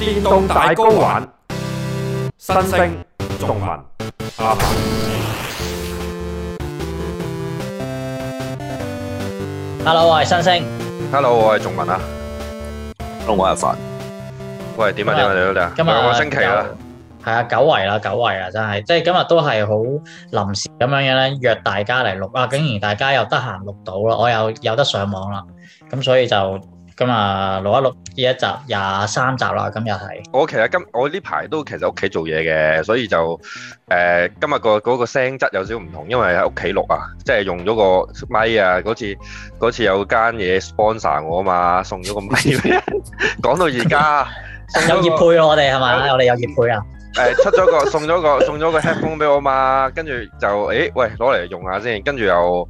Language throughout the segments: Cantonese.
電動大 GO 玩，新星仲文阿凡，Hello，我係新星，Hello，我係仲文啊，我係阿凡，喂，點啊點啊，你好你好，今日兩個星期啊，係啊，久違啦，久違啊，真係，即係今日都係好臨時咁樣樣咧，約大家嚟錄啊，竟然大家又得閒錄到咯，我又有得上網啦，咁所以就。咁啊，錄一錄呢一集廿三集啦，咁又係。我其實今我呢排都其實屋企做嘢嘅，所以就誒今日個嗰個聲質有少少唔同，因為喺屋企錄啊，即係用咗個麥啊，嗰次嗰次有間嘢 sponsor 我啊嘛，送咗個麥。講到而家，有熱配咯，我哋係嘛？我哋有熱配啊！誒，出咗個送咗個送咗個 headphone 俾我啊嘛，跟住就誒喂，攞嚟用下先，跟住又。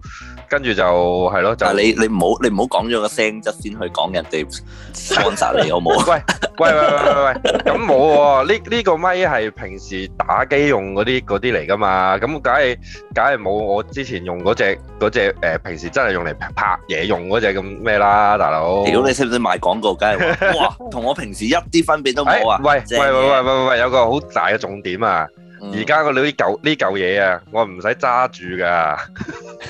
跟住就係咯，就係你你唔好你唔好講咗個聲質先去講人哋 answer 你好冇？ 喂喂喂喂喂，咁冇喎，呢呢、呢個咪係平時打機用嗰啲啲嚟噶嘛？咁梗係梗係冇我之前用嗰隻嗰隻誒平時真係用嚟拍嘢用嗰隻咁咩啦，大、哦、佬？屌、哦、你識唔識賣廣告？梗係話，哇，同我平時一啲分別都冇啊！喂，正耶 喂喂喂喂喂喂，有個好大嘅重點啊！而家我攞啲嚿呢嚿嘢啊，我唔使揸住㗎。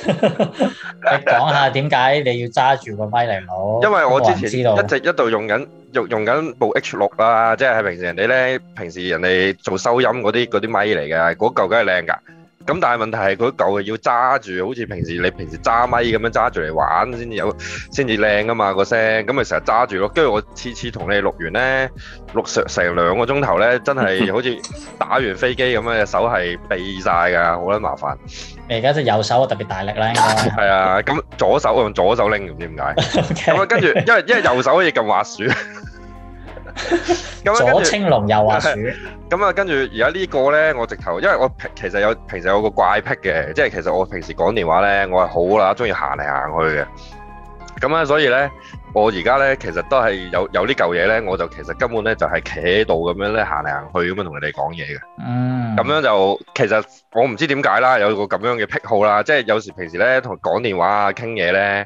你講下點解你要揸住個咪嚟冇？因為我之前一直一度用緊用用緊部 H 六啊，即係平時人哋咧，平時人哋做收音嗰啲嗰啲咪嚟嘅，嗰嚿梗係靚㗎。咁但係問題係佢舊係要揸住，好似平時你平時揸咪咁樣揸住嚟玩先至有，先至靚啊嘛個聲。咁咪成日揸住咯。跟住我次次同你錄完咧，錄成成兩個鐘頭咧，真係好似打完飛機咁樣，隻手係痹曬噶，好鬼麻煩。而家隻右手啊特別大力啦，應該係啊。咁左手我用左手拎，唔知點解。咁啊，跟住因為因為右手可以撳滑鼠。咁啊， 左青龍右畫虎。咁啊、嗯，跟住而家呢個呢，我直頭，因為我其實有平時有個怪癖嘅，即係其實我平時講電話呢，我係好乸中意行嚟行去嘅。咁啊，所以呢，我而家呢，其實都係有有呢嚿嘢呢，我就其實根本呢，就係企喺度咁樣咧行嚟行去咁樣同佢哋講嘢嘅。嗯。咁樣就其實我唔知點解啦，有個咁樣嘅癖好啦，即係有時平時呢，同講電話啊、傾嘢呢，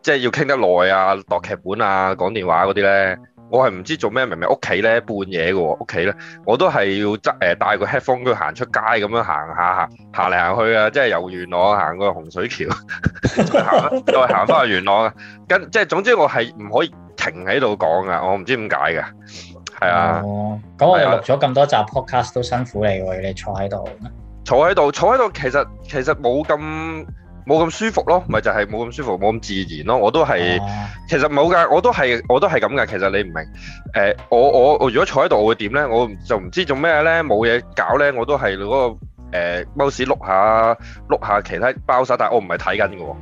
即係要傾得耐啊、落劇本啊、講電話嗰啲呢。嗯我係唔知做咩，明明屋企咧半夜嘅喎，屋企咧我都係要執誒帶個 headphone 去行出街咁樣行下，行行嚟行去啊，即係由元朗行過洪水橋，再行 ，再行翻去元朗啊，跟即係總之我係唔可以停喺度講噶，我唔知點解嘅，係啊，咁、哦、我哋錄咗咁多集 podcast 都辛苦你喎，你坐喺度，坐喺度，坐喺度，其實其實冇咁，冇咁舒服咯，咪就係冇咁舒服，冇咁自然咯。我都係，其實冇㗎，我都係我都係咁㗎。其實你唔明，誒我我我如果坐喺度，我會點咧？我就唔知做咩咧，冇嘢搞咧，我都係嗰個誒踎屎碌下碌下其他包曬，但係我唔係睇緊㗎喎，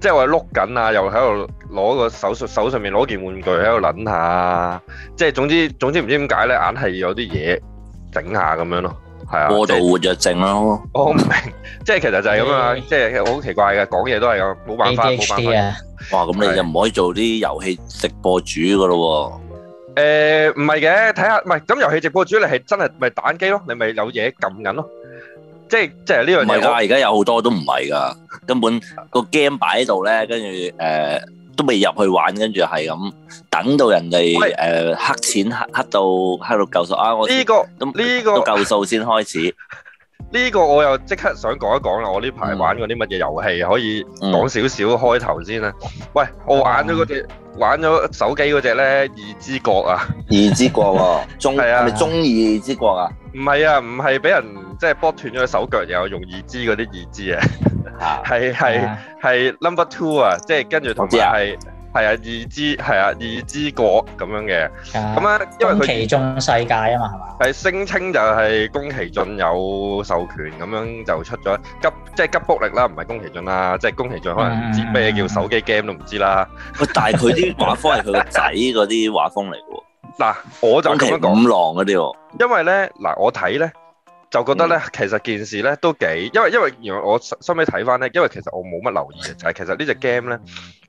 即係我係碌緊啊，又喺度攞個手上手上面攞件玩具喺度撚下，即係總之總之唔知點解咧，硬係有啲嘢整下咁樣咯。係啊，過度活躍症咯。我好唔明，即係其實就係咁啊，即係好奇怪嘅，講嘢都係咁，冇辦法，冇辦法啊。哇，咁你就唔可以做啲遊戲直播主噶咯？誒，唔係嘅，睇下，唔係咁遊戲直播主，你係真係咪打機咯？你咪有嘢撳緊咯，即係即係呢樣嘢。唔係噶，話而家有好多都唔係噶，根本個 game 擺喺度咧，跟住誒。都未入去玩，跟住係咁等到人哋誒喂、呃、黑錢黑黑到黑到夠數、這個、啊！我呢個咁呢個夠數先開始、這個。呢、這個我又即刻想講一講啦！我呢排玩過啲乜嘢遊戲可以講少少開頭先啦。喂，我玩咗嗰隻、嗯、玩咗手機嗰隻咧二之國啊！二之國喎，啊，係咪中二之國啊？唔係啊，唔係俾人。即係剝斷咗手腳又有，用二之嗰啲二之啊，係係係 number two 啊，即係跟住同埋係係啊二之，係啊二之果咁樣嘅。咁咧因為佢其中世界啊嘛，係聲稱就係宮崎駿有授權咁樣就出咗吉，即係吉卜力啦，唔係宮崎駿啦，即係宮崎駿可能唔知咩、嗯、叫手機 game 都唔知啦。 但係佢啲畫風係佢個仔嗰啲畫風嚟喎，嗱 我就咁樣講吾朗嗰啲喎，因為咧嗱我睇咧。就覺得咧，其實件事咧都幾，因為因為我收尾睇翻咧，因為其實我冇乜留意嘅，就係、是、其實隻呢隻 game 咧，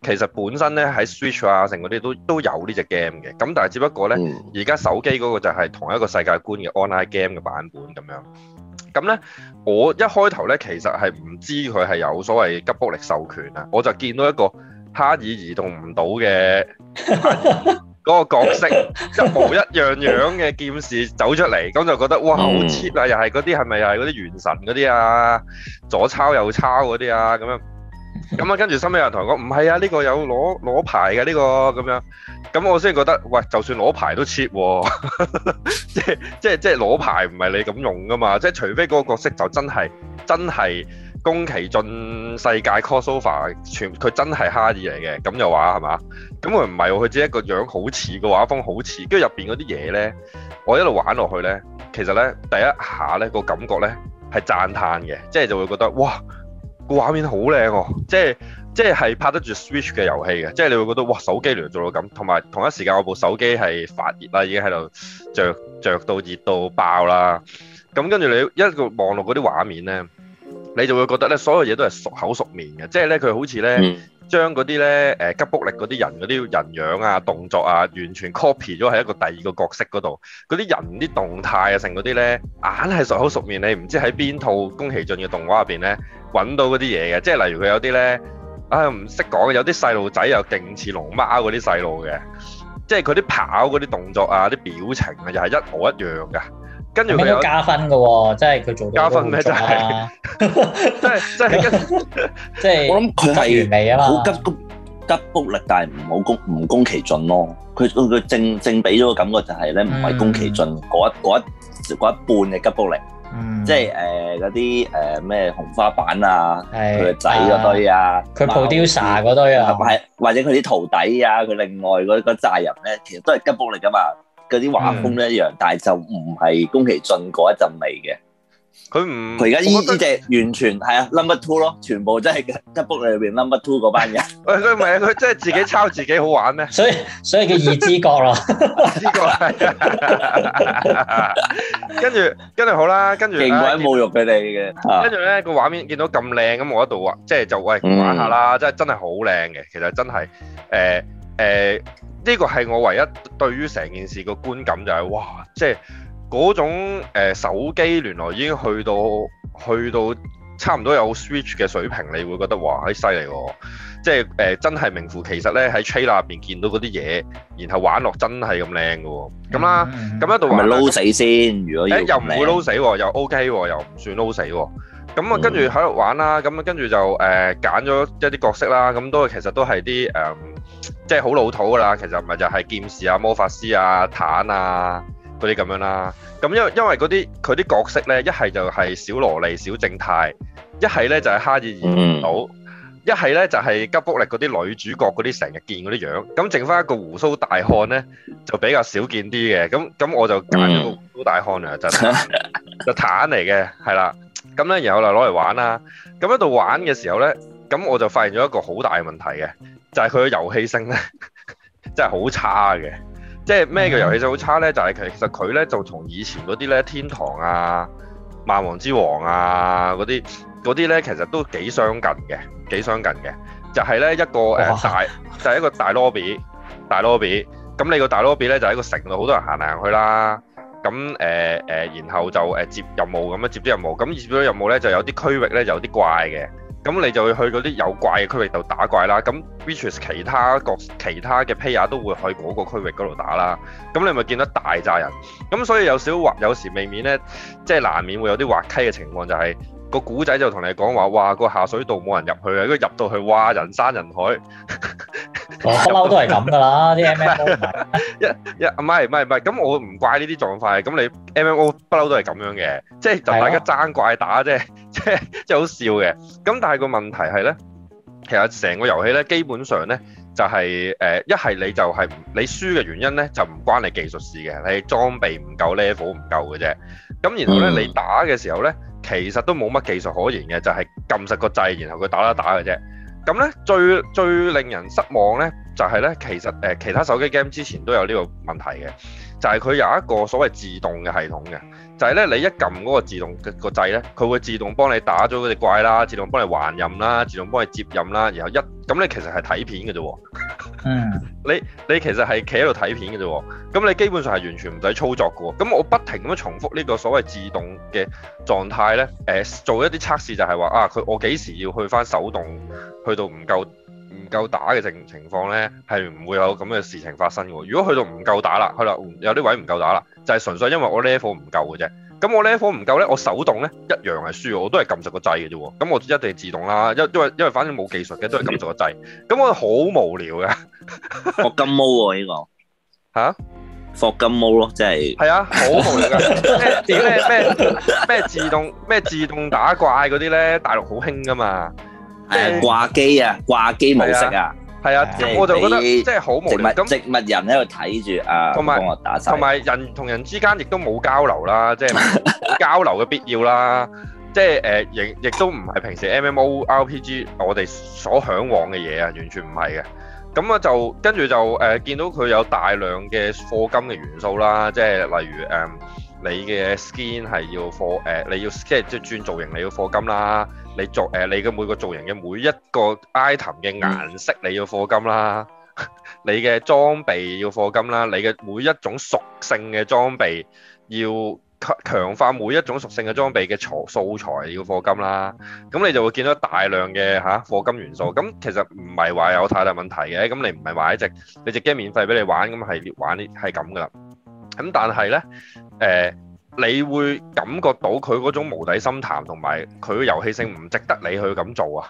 其實本身咧喺 Switch 啊成嗰啲都都有呢隻 game 嘅，咁但係只不過咧而家手機嗰個就係同一個世界觀嘅 online game 嘅版本咁樣。咁咧我一開頭咧其實係唔知佢係有所謂吉卜力授權啊，我就見到一個哈爾移動唔到嘅。 嗰個角色一模一樣樣嘅劍士走出嚟，咁就覺得哇好 cheap 啊！又係嗰啲係咪又係嗰啲元神嗰啲啊？左抄右抄嗰啲啊咁樣，咁啊跟住身邊有人同我講唔係啊，呢個有攞攞牌嘅呢個咁樣，咁我先覺得喂，就算攞牌都 cheap 喎、啊， 即即即攞牌唔係你咁用噶嘛，即除非嗰個角色就真係真係。宮崎駿世界 call sofa 全佢真係哈爾嚟嘅，咁又話係嘛？咁佢唔係喎，佢只係一個樣好似，個畫風好似，跟住入邊嗰啲嘢咧，我一路玩落去咧，其實咧第一下咧，個感覺咧係讚歎嘅，即係就會覺得哇個畫面好靚喎，哦，即係即係係拍得住 Switch 嘅遊戲嘅，即係你會覺得哇手機嚟做到咁，同埋同一時間我部手機係發熱啦，已經喺度着著到熱到爆啦，咁跟住你一路望落嗰啲畫面咧。你就會覺得咧，所有嘢都係熟口熟面嘅，即係咧佢好似咧將嗰啲咧誒吉卜力嗰啲人嗰啲人樣啊、動作啊，完全 copy 咗喺一個第二個角色嗰度，嗰啲人啲動態啊，成嗰啲咧硬係熟口熟面，你唔知喺邊套宮崎駿嘅動畫入邊咧揾到嗰啲嘢嘅，即係例如佢有啲咧唉，唔識講，有啲細路仔又勁似龍貓嗰啲細路嘅，即係佢啲跑嗰啲動作啊、啲表情啊又係一模一樣㗎。跟住畀咗加分嘅喎，即係佢做到咁多嘅。加分咩就係，即係即係即係。我諗佢計完未啊？嘛，吉卜吉卜力但係唔好宮唔宮崎駿咯。佢佢佢正正俾咗個感覺就係咧，唔係宮崎駿嗰嗰一嗰一半嘅吉卜力。嗯。即係誒嗰啲誒咩紅花坂啊，佢個仔嗰堆啊，佢抱雕像嗰堆，或係或者佢啲徒弟啊，佢另外嗰嗰扎人咧，其實都係吉卜力噶嘛。嗰啲畫風都一樣，但係就唔係宮崎駿嗰一陣味嘅。佢唔佢而家呢呢隻完全係啊 number two 咯，全部真係嘅吉卜力裏邊 number two 嗰班人。喂，佢唔係啊，佢真係自己抄自己好玩咩？所以所以叫二之國咯。二之國係啊。跟住跟住好啦，跟住勁鬼侮辱俾你嘅。跟住咧個畫面見到咁靚咁，我喺度畫，即係就喂，玩下啦。真真係好靚嘅，其實真係誒誒。呢個係我唯一對於成件事個觀感就係、是、哇，即係嗰種、呃、手機原來已經去到去到差唔多有 Switch 嘅水平，你會覺得哇，啲犀利喎！即係誒、呃、真係名副其實咧，喺 trailer 入邊見到嗰啲嘢，然後玩落真係咁靚嘅喎，咁啦、嗯，咁、嗯、一度玩係咪撈死先。如果、呃、又唔會撈死喎、哦，又 OK 喎、哦，又唔算撈死喎、哦。咁、嗯、啊、嗯，跟住喺度玩啦，咁、呃、啊，跟住就誒揀咗一啲角色啦，咁都係其實都係啲誒。嗯嗯。即係好老土㗎啦，其實唔係就係劍士啊、魔法師啊、坦啊嗰啲咁樣啦。咁因為因為嗰啲佢啲角色咧，一係就係小羅莉、小正太，一係咧就係哈爾移動唔到，一係咧就係吉卜力嗰啲女主角嗰啲成日見嗰啲樣。咁剩翻一個鬍鬚大漢咧，就比較少見啲嘅。咁咁我就揀咗個鬍鬚大漢嚟就就坦嚟嘅，係啦。咁咧然後就攞嚟玩啦。咁喺度玩嘅時候咧，咁我就發現咗一個好大嘅問題嘅。就係佢嘅遊戲性咧， 真係好差嘅。即係咩叫遊戲性好差咧？Mm hmm. 就係其實佢咧就從以前嗰啲咧天堂啊、萬王之王啊嗰啲嗰啲咧，其實都幾相近嘅，幾相近嘅。就係、是、咧一個誒、oh. 呃、大，就係、是、一個大 lobby，大 lobby。咁你個大 lobby 咧就是、一個城度，好多人行行去啦。咁誒誒，然後就誒、呃、接任務咁樣接啲任務。咁接咗任務咧，就有啲區域咧就有啲怪嘅。咁你就會去嗰啲有怪嘅區域度打怪啦。咁 which is 其他各其他嘅 player 都會去嗰個區域嗰度打啦。咁你咪見到大扎人。咁所以有少滑，有時未免咧，即係難免會有啲滑稽嘅情況，就係個古仔就同你講話，哇個下水道冇人入去啊，因為入到去哇人山人海。哦，不嬲都係咁噶啦，啲 M M O 一一唔係唔係唔係，咁我唔怪呢啲狀況。咁你 M M O 不嬲都係咁樣嘅，即係就大家爭怪打啫。即係好笑嘅，咁但係個問題係呢，其實成個遊戲呢，基本上呢就係誒，一係你就係你輸嘅原因呢，就唔關你技術事嘅，你裝備唔夠 level 唔夠嘅啫。咁然後呢，你打嘅時候呢，其實都冇乜技術可言嘅，就係撳實個掣，然後佢打一打嘅啫。咁呢最最令人失望呢，就係呢，其實誒其他手機 game 之前都有呢個問題嘅，就係佢有一個所謂自動嘅系統嘅。就係咧，你一撳嗰個自動嘅個掣咧，佢會自動幫你打咗嗰隻怪啦，自動幫你還任啦，自動幫你接任啦，然後一咁你其實係睇片嘅啫喎，嗯、 你你其實係企喺度睇片嘅啫喎，咁你基本上係完全唔使操作嘅喎，咁我不停咁樣重複呢個所謂自動嘅狀態咧，誒、呃、做一啲測試就係話啊，佢我幾時要去翻手動去到唔夠夠打嘅情情況咧，係唔會有咁嘅事情發生嘅。如果去到唔夠打啦，係啦，有啲位唔夠打啦，就係、是、純粹因為我呢一 level 唔夠嘅啫。咁我呢一 level 唔夠咧，我手動咧一樣係輸，我都係撳實個掣嘅啫。咁我一定係自動啦，因因為因為反正冇技術嘅，都係撳實個掣。咁 我好無聊嘅，霍金毛喎呢個吓霍金毛咯，即係係啊，好、就是 啊、無聊嘅咩咩咩自動咩自動打怪嗰啲咧，大陸好興噶嘛。即係、嗯、掛機啊，掛機模式啊，係啊，啊啊我就覺得好無聊，即係俾植物那植物人喺度睇住啊，和幫我打曬，同埋人同人之間亦都冇交流啦，即、就、係、是、冇交流嘅必要啦， 即係誒，亦、呃、亦都唔係平時 M M O R P G 我哋所向往嘅嘢啊，完全唔係嘅。咁啊，就跟住就誒見到佢有大量嘅課金嘅元素啦，即係例如誒你嘅 skin 係要課誒，你 skin 要 skin 即係轉造型，你要課金啦。你做誒，你嘅每個造型嘅每一個 item 嘅顏色，你要課金啦；你嘅裝備要課金啦；你嘅每一種屬性嘅裝備要強強化每一種屬性嘅裝備嘅材素材要課金啦。咁你就會見到大量嘅嚇課金元素。咁其實唔係話有太大問題嘅。咁你唔係買隻你隻機免費俾你玩，咁係玩係咁噶啦。咁但係咧誒。你會感覺到佢嗰種無底深潭同埋佢嘅遊戲性唔值得你去咁做啊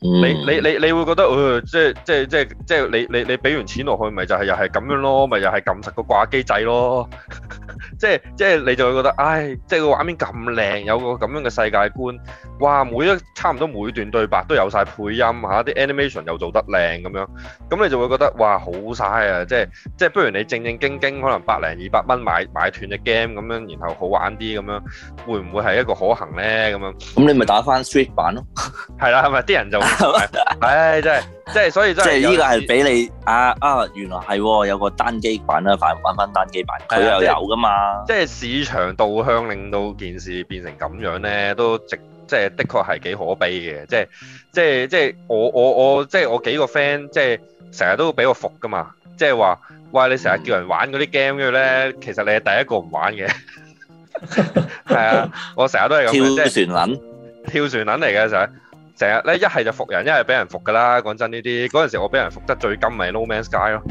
，mm.！你你你你會覺得，誒、呃，即係即係即係即係你你俾完錢落去，咪就係、是、又係咁樣咯，咪、就是、又係撳實個掛機掣咯。 即係即係你就會覺得，唉，即係個畫面咁靚，有個咁樣嘅世界觀，哇！每一差唔多每段對白都有晒配音嚇，啲、啊、animation 又做得靚咁樣，咁你就會覺得哇好嘥啊！即係即係不如你正正經經可能百零二百蚊買買斷隻 game 咁樣，然後好玩啲咁樣，會唔會係一個可行咧？咁樣咁你咪打翻 Switch 版咯，係啦，係咪啲人就，唉、 哎，真係即係所以真即係依個係俾你啊啊，原來係有個單機版啊，玩翻單機版佢又有㗎的的嘛～即係市場導向令到件事變成咁樣咧，都直即係的確係幾可悲嘅。即係即係即係我我我即係我幾個 friend 即係成日都俾我服噶嘛。即係話喂，你成日叫人玩嗰啲 game 嘅咧，其實你係第一個唔玩嘅。係啊， 我成日都係咁嘅，即係旋輪跳旋輪嚟嘅成成日咧，一係就服人，一係俾人服噶啦。講真呢啲嗰陣時，我俾人服得最甘咪 No Man's Sky 咯。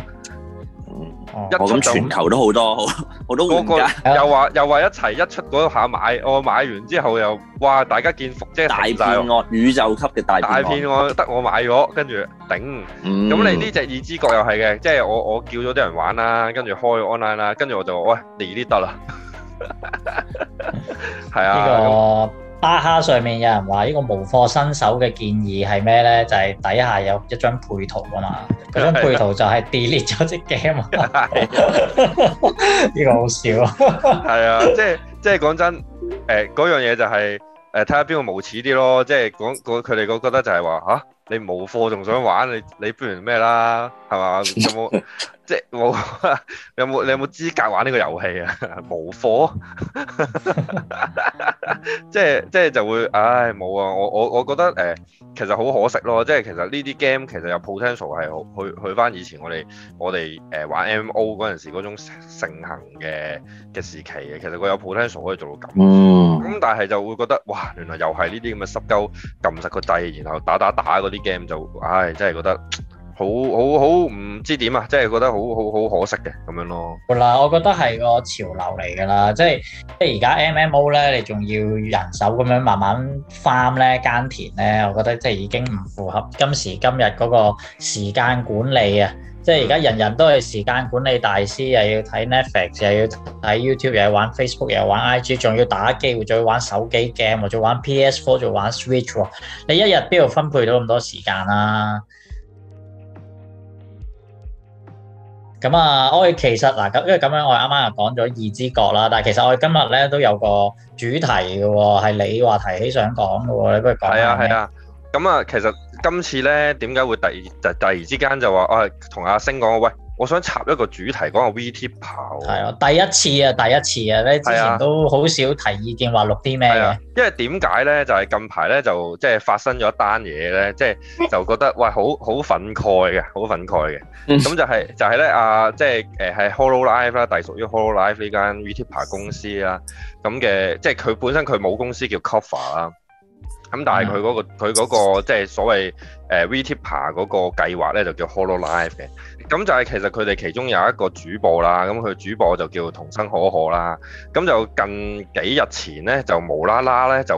我諗全球都好多，個個又話又話一齊一出嗰下買，我買完之後又哇，大家見福啫，大片哦，宇宙級嘅大片哦，得我買咗，跟住頂。咁你呢隻二之國又係嘅，即係我我叫咗啲人玩啦，跟住開 online 啦，跟住我就喂，你呢得啦，係啊。巴哈上面有人話呢個無課新手嘅建議係咩咧？就係、是、底下有一張配圖啊嘛，嗰的張配圖就係 delete 咗隻 game 呢個好笑。係啊，即係即係講真，誒、欸、嗰樣嘢就係誒睇下邊個無恥啲咯。即係講佢哋覺覺得就係話嚇你無課仲想玩你你不如咩啦係嘛？有冇？ 即係冇，有冇你有冇資格玩呢個遊戲啊？ 無火課， 即係即係就會，唉，冇啊！我我我覺得誒、呃，其實好可惜咯。即係其實呢啲 game 其實有 potential 係好去去翻以前我哋我哋誒、呃、玩、M、MO 嗰陣時嗰種盛行嘅嘅時期嘅，其實佢有 potential 可以做到咁。咁、mm. 但係就會覺得，哇！原來又係呢啲咁嘅濕鳩，撳實個掣，然後打打打嗰啲 game 就，唉，真係覺得。好好好唔知點啊！真係覺得好好好可惜嘅咁樣咯。嗱，我覺得係個潮流嚟㗎啦，即係即係而家 M M O 咧，你仲要人手咁樣慢慢翻咧耕田咧，我覺得即係已經唔符合今時今日嗰個時間管理啊！即係而家人人都係時間管理大師，又要睇 Netflix，又要睇 YouTube，又要玩 Facebook，又要玩 I G，仲要打機會，仲要玩手機 game，仲要玩 P S four，仲要玩 Switch，你一日邊度分配到咁多時間啦、啊？咁啊，我、嗯、其實嗱，咁因為咁樣，我啱啱又講咗二之國啦。但係其實我哋今日咧都有個主題嘅，係你話提起想講嘅喎，你不如講。係啊，係啊。咁啊，其實今次咧點解會突然突然之間就話，我係同阿星講，喂。我想插一個主題講下 Vtuber 啊，第一次啊，第一次啊，咧之前都好少提意見話錄啲咩嘅。因為點解咧？就係、是、近排咧，就即、是、係發生咗一單嘢咧，即、就、係、是、就覺得喂，好好憤慨嘅，好憤慨嘅。咁 就係、是、就係、是、咧，啊，即係誒係 Hololive 啦，係、啊、屬、就是呃、於 Hololive 呢間 Vtuber 公司啦。咁嘅即係佢本身佢冇公司叫 Cover 啊。咁、嗯、但係佢嗰個佢嗰即係所謂誒 Vtuber 嗰個計劃咧，就叫 Hololive 嘅。咁就係其實佢哋其中有一個主播啦，咁佢個主播就叫桐生可可啦。咁就近幾日前咧，就無啦啦咧就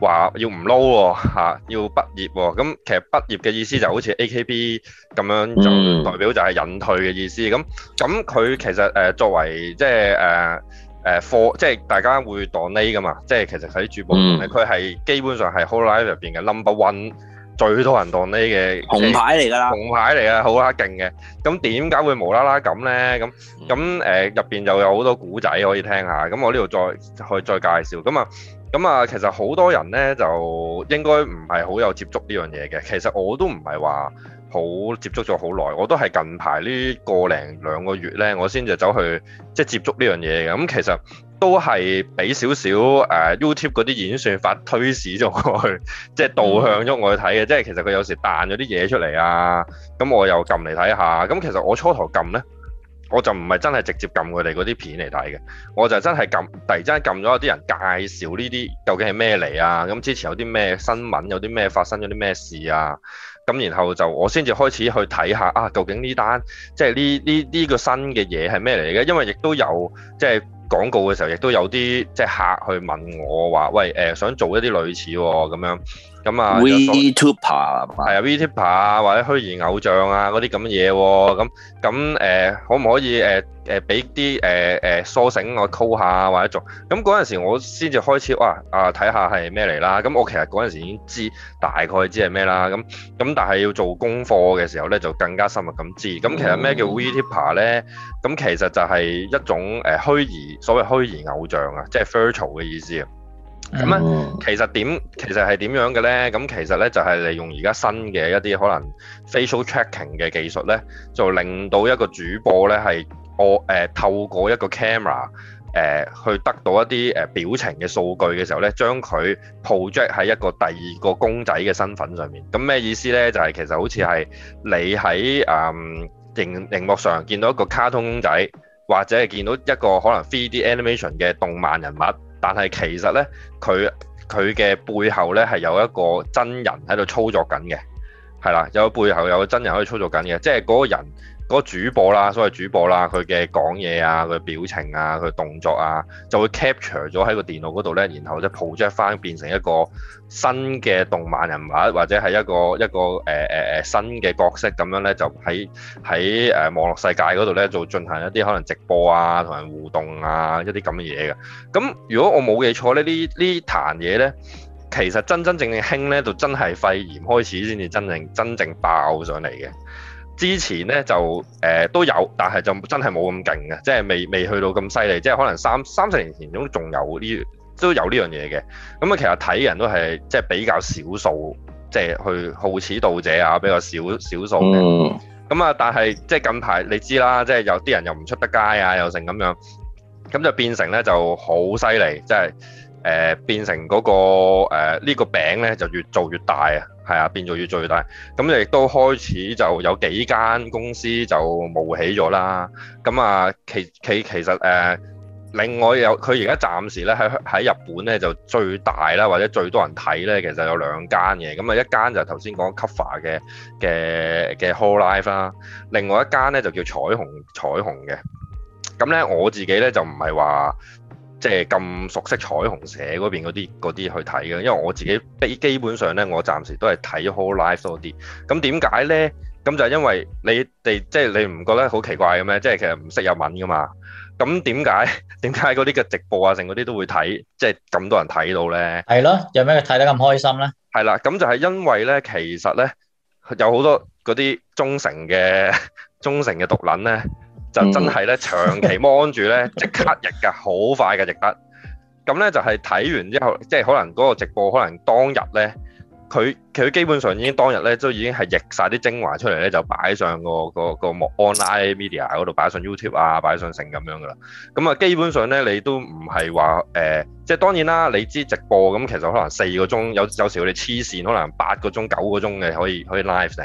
話要唔撈喎要畢業喎、哦。咁其實畢業嘅意思就好似 AKB 咁樣，就代表就係隱退嘅意思。咁咁佢其實誒、呃、作為即係誒。Uh, 誒貨即係大家會 donate 噶嘛，即係其實喺主播，佢係基本上係 Hololive 入邊嘅 number one 最多人 donate 嘅紅牌嚟㗎啦，紅牌嚟嘅。好啦，勁嘅，咁點解會無啦啦咁咧？咁咁誒入邊又有好多古仔可以聽下，咁我呢度再可以再介紹咁啊，咁啊，其實好多人咧就應該唔係好有接觸呢樣嘢嘅，其實我都唔係話。好接觸咗好耐，我都係近排呢個零兩個月呢，我先至走去即係接觸呢樣嘢嘅。咁其實都係俾少少誒、呃、YouTube 嗰啲演算法推使咗我去，即係導向咗我去睇嘅。即係其實佢有時彈咗啲嘢出嚟啊，咁我又撳嚟睇下。咁其實我初頭撳呢，我就唔係真係直接撳佢哋嗰啲片嚟睇嘅，我就真係撳，突然之間撳咗有啲人介紹呢啲究竟係咩嚟啊？咁之前有啲咩新聞，有啲咩發生咗啲咩事啊？咁然後就我先至開始去睇下啊，究竟呢單即係呢呢呢個新嘅嘢係咩嚟嘅？因為亦都有即係廣告嘅時候，亦都有啲即係客去問我話：喂誒、呃，想做一啲類似喎，咁樣。咁啊 Vtuber 係啊，Vtuber 啊，或者虛擬偶像啊，嗰啲咁嘅嘢喎。咁咁誒，可唔可以誒誒俾啲誒誒縮省我 call 下或者做？咁嗰陣時我先至開始哇啊，睇下係咩嚟啦。咁我其實嗰陣時已經知大概知係咩啦。咁咁但係要做功課嘅時候咧，就更加深入咁知。咁其實咩叫 Vtuber 咧？咁、嗯、其實就係一種誒虛擬所謂虛擬偶像啊，即係 virtual 嘅意思啊。咁啊、嗯，其實點，其實係點樣嘅咧？咁其實咧就係利用而家新嘅一啲可能 facial tracking 嘅技術咧，就令到一個主播咧係我誒透過一個 camera 誒、呃、去得到一啲誒、呃、表情嘅數據嘅時候咧，將佢 project 喺一個第二個公仔嘅身份上面。咁咩意思咧？就係、是、其實好似係你喺誒熒熒幕上見到一個卡通公仔，或者係見到一個可能 3D animation 嘅動漫人物。但係其實咧，佢佢嘅背後咧係有一個真人喺度操作緊嘅，係啦，有背後有個真人喺度操作緊嘅，即係嗰個人。嗰個主播啦，所謂主播啦，佢嘅講嘢啊，佢表情啊，佢動作啊，就會 capture 咗喺個電腦嗰度呢，然後就 project 翻變成一個新嘅動漫人物，或者係一個一個誒誒誒新嘅角色咁樣呢，就喺喺誒網絡世界嗰度呢，就進行一啲可能直播啊，同人互動啊，一啲咁嘅嘢嘅。咁如果我冇記錯咧，呢呢壇嘢呢，其實真真正正興呢，就真係肺炎開始先至真正真正爆上嚟嘅。之前咧就誒、呃、都有，但係就真係冇咁勁嘅，即係未未去到咁犀利，即係可能三三十年前都仲有呢，都有呢樣嘢嘅。咁、嗯、啊，其實睇人都係即係比較少數，即係去好始道者好此道者啊，比較少少數嘅。咁、嗯、啊，但係即係近排你知啦，即係有啲人又唔出得街啊，又成咁樣，咁就變成咧就好犀利，即係。誒、呃、變成嗰、那個、呃這個、餅呢個餅咧就越做越大啊，係啊，變做越做越大。咁亦都開始就有幾間公司就冒起咗啦。咁啊，其其其實誒、呃，另外有佢而家暫時咧喺喺日本咧就最大啦，或者最多人睇咧，其實有兩間嘅。咁啊，一間就係頭先講 Cover 嘅嘅嘅 hololive 啦，另外一間咧就叫彩虹彩虹嘅。咁咧我自己咧就唔係話。即係咁熟悉彩虹社嗰邊嗰啲啲去睇嘅，因為我自己基基本上咧，我暫時都係睇 Hololive 多啲。咁點解咧？咁就係因為你哋即係你唔覺得好奇怪嘅咩？即係其實唔識日文噶嘛。咁點解點解嗰啲嘅直播啊，成嗰啲都會睇，即係咁多人睇到咧？係咯，有咩睇得咁開心咧？係啦，咁就係因為咧，其實咧有好多嗰啲忠誠嘅忠誠嘅毒撚咧。 就真係咧，長期 mon 住咧，即刻譯㗎，好快嘅譯得。咁咧就係睇完之後，即係可能嗰個直播，可能當日咧，佢佢基本上已經當日咧，都已經係譯晒啲精華出嚟咧，就擺上、嗰個、嗰個、嗰個 online media 嗰度，擺上 YouTube 啊，擺上成咁樣㗎啦。咁啊，基本上咧，你都唔係話誒，即、呃、係、就是、當然啦。你知直播咁，其實可能四個鐘有有時我哋黐線，可能八個鐘、九個鐘嘅可以可以 live 成。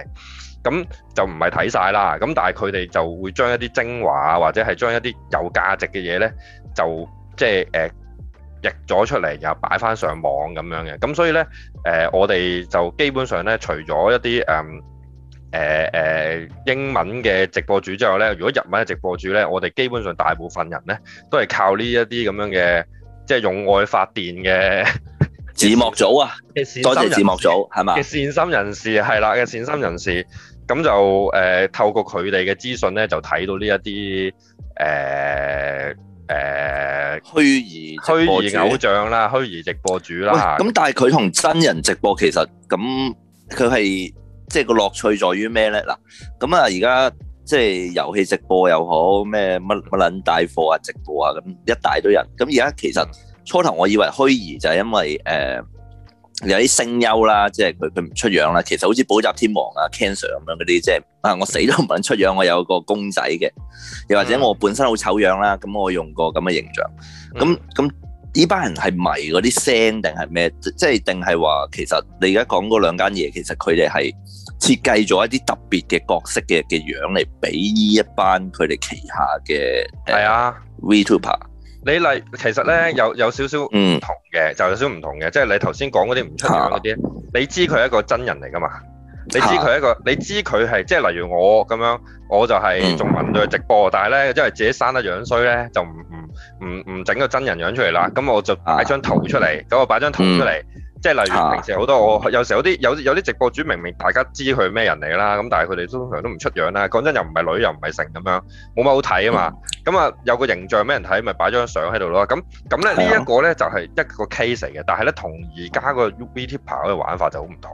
咁就唔係睇晒啦，咁但係佢哋就會將一啲精華或者係將一啲有價值嘅嘢咧，就即係誒、呃、譯咗出嚟，然後擺翻上網咁樣嘅。咁所以咧，誒、呃、我哋就基本上咧，除咗一啲誒誒誒英文嘅直播主之外咧，如果日文嘅直播主咧，我哋基本上大部分人咧，都係靠呢一啲咁樣嘅，即係用愛發電嘅字幕組啊，多謝字幕組係嘛？嘅善心人士係啦，嘅善心人士。咁就誒、呃、透過佢哋嘅資訊咧，就睇到呢一啲誒誒虛擬虛擬偶像啦，虛擬直播主啦。咁但係佢同真人直播其實咁佢係即係個樂趣在於咩咧嗱？咁啊而家即係遊戲直播又好，咩乜乜撚帶貨啊直播啊，咁一大堆人。咁而家其實初頭我以為虛擬就係因為誒。呃有啲聲優啦，即係佢佢唔出樣啦。其實好似《補習天王》啊、Cancer 咁樣嗰啲，即係啊，我死都唔肯出樣。我有個公仔嘅，又或者我本身好醜樣啦，咁我用過咁嘅形象。咁咁呢班人係迷嗰啲聲定係咩？即係定係話其實你而家講嗰兩間嘢，其實佢哋係設計咗一啲特別嘅角色嘅嘅樣嚟俾呢一班佢哋旗下嘅。係啊，uh, Vtuber 你例其實咧有有少少唔同嘅。嗯、就有少唔同嘅，即係你頭先講嗰啲唔出名嗰啲，啊、你知佢係一個真人嚟噶嘛？你知佢係一個，啊、你知佢係即係例如我咁樣，我就係仲問佢直播，嗯、但係咧因為自己生得樣衰咧，就唔唔唔唔整個真人樣出嚟啦。咁我就擺張圖出嚟，咁、啊、我擺張圖出嚟。啊嗯即係例如平時好多我有時有啲有有啲直播主明明大家知佢咩人嚟啦，咁但係佢哋通常都唔出樣啦。講真，又唔係女又唔係成咁樣，冇乜好睇啊嘛。咁啊、嗯、有個形象俾人睇，咪擺張相喺度咯。咁咁咧呢一個咧就係一個 case 嚟嘅。但係咧同而家個 Vtuber 嘅玩法就好唔同。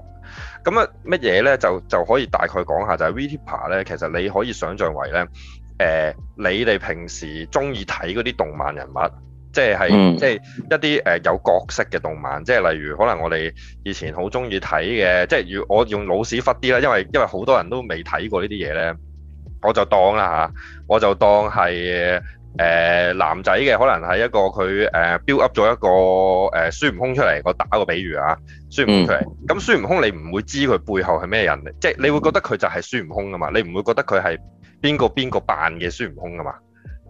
咁啊，乜嘢咧就就可以大概講下就係、是、Vtuber 咧其實你可以想像為咧誒、呃、你哋平時鍾意睇嗰啲動漫人物。即係，即係一啲誒、呃、有角色嘅動漫，即係例如可能我哋以前好中意睇嘅，即係如我用老屎忽啲啦，因為因為好多人都未睇過呢啲嘢咧，我就當啦嚇、啊，我就當係誒、呃、男仔嘅，可能係一個佢誒、呃、build up 咗一個誒孫悟空出嚟，我打個比喻啊，孫悟空出嚟，咁孫、嗯、孫悟空你唔會知佢背後係咩人，即係你會覺得佢就係孫悟空噶嘛，你唔會覺得佢係邊個邊個扮嘅孫悟空噶嘛？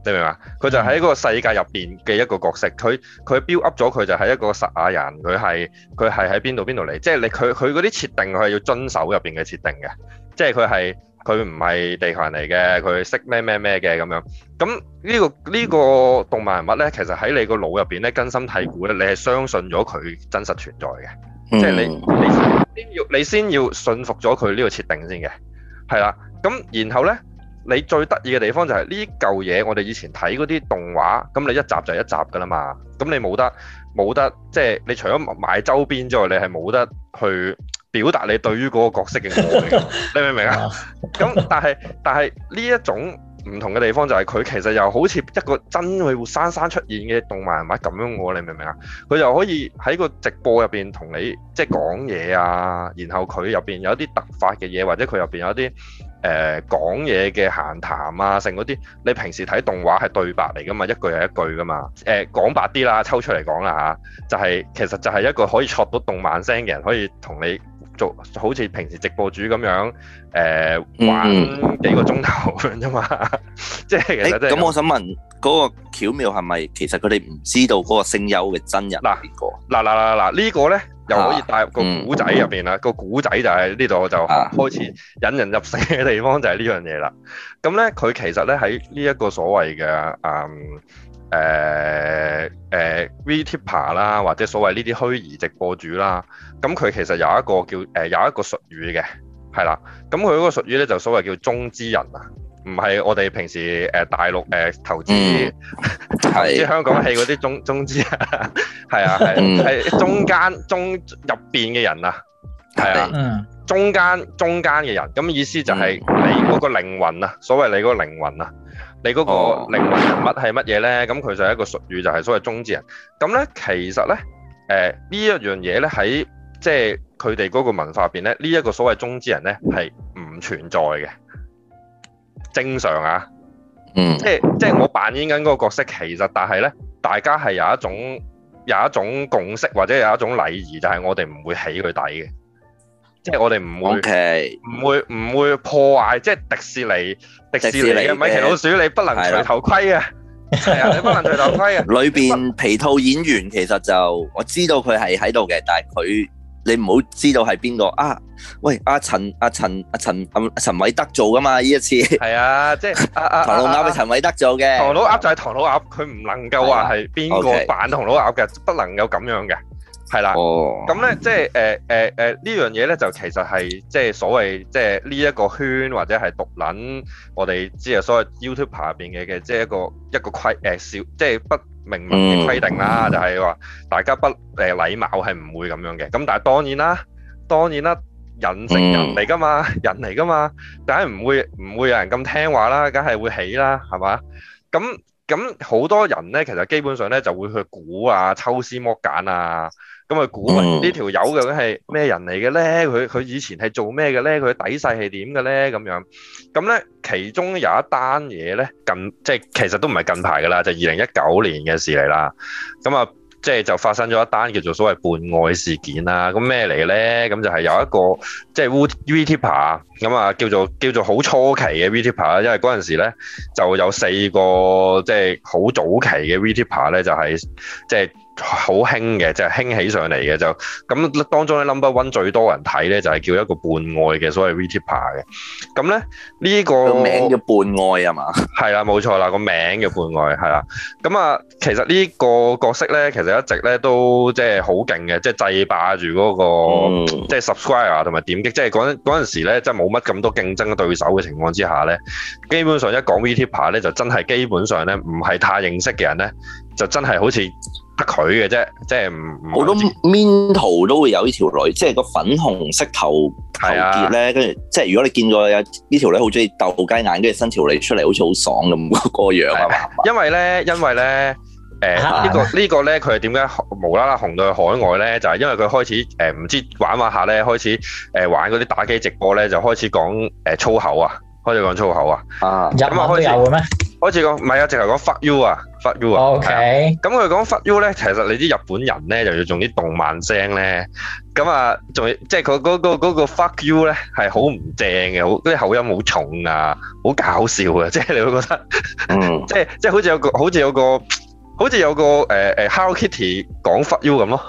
你明嘛？佢就喺嗰個世界入邊嘅一個角色，佢佢 build up 咗佢就係一個賽亞人，佢係佢係喺邊度邊度嚟？即係你佢佢嗰啲設定佢係要遵守入邊嘅設定嘅，即係佢係佢唔係地球人嚟嘅，佢識咩咩咩嘅咁樣。咁呢、呢個呢、呢個動漫人物咧，其實喺你個腦入邊咧根深蒂固咧，你係相信咗佢真實存在嘅，嗯、即係你你先要你先要信服咗佢呢個設定先嘅，係啦。咁然後咧。你最得意嘅地方就係呢嚿嘢，我哋以前睇嗰啲動畫，咁你一集就一集噶啦嘛，咁你冇得冇得，即係你除咗買周邊之外，你係冇得去表達你對於嗰個角色嘅， 你明唔明啊？咁 但係但係呢一種唔同嘅地方就係、是、佢其實又好似一個真會活生生出現嘅動漫人物咁樣，我你明唔明啊？佢又可以喺個直播入邊同你即係講嘢啊，然後佢入邊有一啲突發嘅嘢，或者佢入邊有一啲。誒講嘢嘅閒談啊，成嗰啲你平時睇動畫係對白嚟㗎嘛，一句係一句㗎嘛。誒講白啲啦，抽出嚟講啦嚇，就係其實就係一個可以錯到動漫聲嘅人，可以同你做好似平時直播主咁樣，誒玩幾個鐘頭咁樣啫嘛。即係其實咁，我想問嗰個巧妙係咪其實佢哋唔知道嗰個聲優嘅真人係邊個？嗱嗱嗱嗱，呢個咧。又可以帶入個古仔入邊啦，啊嗯、個古仔就係呢度就開始引人入勝嘅地方就係呢樣嘢啦。咁咧，佢其實咧喺呢一個所謂嘅誒誒誒 Vtuber 啦，或者所謂呢啲虛擬直播主啦，咁佢其實有一個叫誒、呃、有一個術語嘅，係啦。咁佢嗰個術語咧就所謂叫中之人啊。唔係我哋平時誒、呃、大陸誒、呃、投資，嗯、 投資香港係嗰啲中 中資啊，係啊，係中間中入邊嘅人啊，係、嗯、啊，中間中間嘅人，咁意思就係你嗰個靈魂啊，嗯、所謂你嗰個靈魂啊，你嗰個靈魂乜係乜嘢咧？咁佢就係一個術語，就係、是、所謂中之人。咁咧，其實咧，誒、呃、呢一樣嘢咧，喺即係佢哋嗰個文化入邊咧，呢、這、一個所謂中之人咧係唔存在嘅。正常啊，嗯，即係即係我扮演緊嗰個角色，其實但係咧，大家係有一種有一種共識或者有一種禮儀，就係、是、我哋唔會起佢底嘅，即係我哋唔會唔 Okay. 會唔會破壞，即係迪士尼迪士尼嘅米奇老鼠，你不能除頭盔啊。係啊的， 你不能除頭盔啊。 裏邊皮套演員其實就我知道佢係喺度嘅，但係佢。你唔好知道係邊個啊？喂，阿、啊、陳阿、啊、陳阿、啊、陳阿、啊、陳偉德做㗎嘛？呢一次係啊，即係、啊、 唐老鴨係陳偉德做嘅，唐老鴨就係唐老鴨，佢唔、嗯、能夠話係邊個扮唐老鴨嘅，不能夠咁樣嘅。係啦，咁咧即係誒誒誒呢樣嘢咧，就是呃呃、呢其實係即係所謂即係呢一個圈或者係毒撚，我哋即係所謂 YouTuber 入邊嘅嘅，即係一個一個規誒少，即係不明文嘅規定啦，mm. 就係話大家不誒、呃、禮貌係唔會咁樣嘅。咁但係當然啦，當然啦，人成人嚟噶嘛，人嚟噶嘛，梗係唔會唔會有人咁聽話啦，梗係會起啦，係嘛？咁咁好多人咧，其實基本上咧就會去估啊、抽絲剝繭啊。咁啊，估呢條友究竟係咩人嚟嘅咧？佢佢以前係做咩嘅咧？佢底細係點嘅咧？咁樣咁咧，其中有一單嘢咧，近即係其實都唔係近排噶啦，就係二零一九年嘅事嚟啦。咁啊，即係就發生咗一單叫做所謂絆愛事件啦。咁咩嚟咧？咁就係有一個即係 V Tuber，咁啊叫做叫做好初期嘅 V Tuber 啦，因為嗰陣時咧就有四個即係好早期嘅 V Tuber 咧，就係即係。好興嘅，即係興起上嚟嘅就咁當中咧，number one 最多人睇咧，就係叫一個絆愛嘅所謂 Vtuber 嘅。咁咧呢個名叫絆愛啊嘛，係啦，冇錯啦，個名叫絆愛係啦。咁啊，其實呢個角色咧，其實一直咧都即係好勁嘅，即係制霸住嗰個即係 subscriber 同埋點擊。即係嗰陣嗰陣時咧，即係冇乜咁多競爭對手嘅情況之下咧，基本上一講 Vtuber 咧，就真係基本上咧唔係太認識嘅人咧，就真係好似。得佢嘅啫，即係唔好多 meme 圖都會有呢條女，即係個粉紅色頭頭結咧，跟住是、啊、即係如果你見過有呢條女好中意鬥雞眼，跟住伸條脷出嚟，好似好爽咁個樣啊嘛 。因為咧，為無無呢就是、因為咧，誒呢個呢個咧，佢係點解無啦啦紅到去海外咧？就係因為佢開始誒唔、呃、知玩玩下咧，開始誒、呃、玩嗰啲打機直播咧，就開始講誒、呃、粗口啊，開始講粗口啊。啊開，入麥都有嘅咩？好似講唔係啊，直頭講 fuck you 啊，fuck you 啊。OK。咁佢講 fuck you 咧，其實你啲日本人咧，又要用啲動漫聲咧。咁啊，仲即係佢嗰個、嗰個、嗰個、fuck you 咧，係好唔正嘅，好啲、嗰啲、口音好重啊，好搞笑啊。即係你會覺得，即係即係好似有個好似有個好似有個誒誒 Hello Kitty 講 fuck you 咁咯，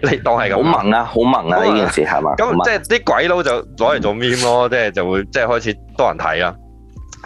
你你當係咁。好萌啊，好萌啊呢件事係嘛？咁即係啲鬼佬就攞嚟做 meme 咯，即係就會即係開始多人睇啊。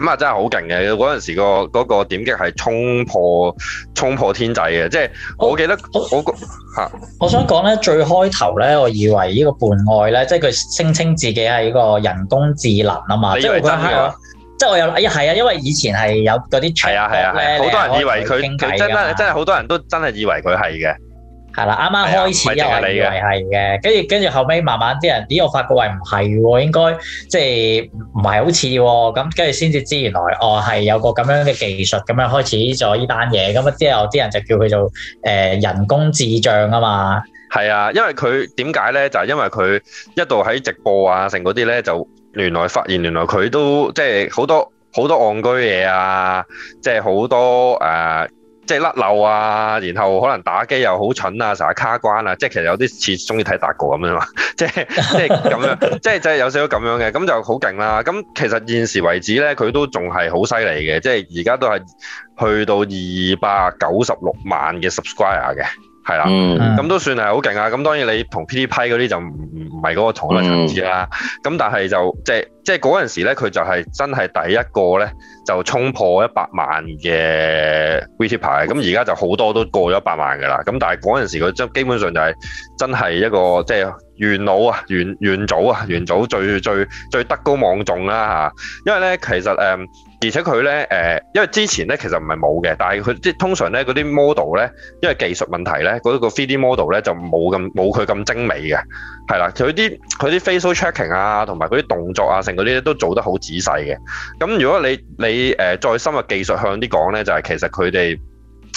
咁啊，真係好勁嘅！嗰陣時個嗰個點擊係衝破衝破天際嘅，即係我記得 oh, oh，我個、啊、 我想講咧，最開頭咧，我以為呢個絆愛咧，即係佢聲稱自己係呢個人工智能啊嘛，即係我覺得即係我有，係 啊，因為以前係有嗰啲長篇。係啊係啊係啊！好、啊啊啊、多人以為佢，真真係好多人都真係以為佢係嘅。係啦，啱啱開始、哎呀，又係你以為係嘅，跟住跟住後尾慢慢啲人，咦？我發覺喂唔係喎，應該即係唔係好似喎，咁跟住先至知原來哦係有個咁樣嘅技術咁樣開始咗呢單嘢，咁啊之後有啲人就叫佢做誒、呃、人工智障啊嘛，係啊，因為佢點解咧？就係、是、因為佢一度喺直播啊成嗰啲咧，就原來發現原來佢都即係好多好多戇居嘢啊，即係好多誒。呃即係甩漏啊，然後可能打機又好蠢啊，成日卡關啊，即係其實有啲似中意睇達哥咁樣嘛，即係即係咁樣， 即係即係有少少咁樣嘅，咁就好勁啦。咁其實現時為止咧，佢都仲係好犀利嘅，即係而家都係去到二百九十六萬嘅 subscriber 嘅。係啦，咁、嗯、都算係好勁啊！咁當然你同 P D P 嗰啲就唔唔唔係嗰個同一層次啦。咁、嗯、但係就即即係嗰陣時咧，佢就係真係第一個咧就衝破一百萬嘅 V T P。咁而家就好多都過咗一百萬噶啦。咁但係嗰陣時佢即基本上就係真係一個即、就是、元老啊，元元祖啊，元祖最最最德高望重啦、啊、嚇。因為咧其實誒。嗯而且佢咧，誒，因為之前咧其實唔係冇嘅，但係佢即係通常咧嗰啲 model 咧，因為技術問題咧，嗰、那個 3D model 咧就冇咁冇佢咁精美嘅，係啦，佢啲佢啲 face tracking 啊，同埋佢啲動作啊，成嗰啲都做得好仔細嘅。咁如果你你誒、呃、再深入技術向啲講咧，就係、是、其實佢哋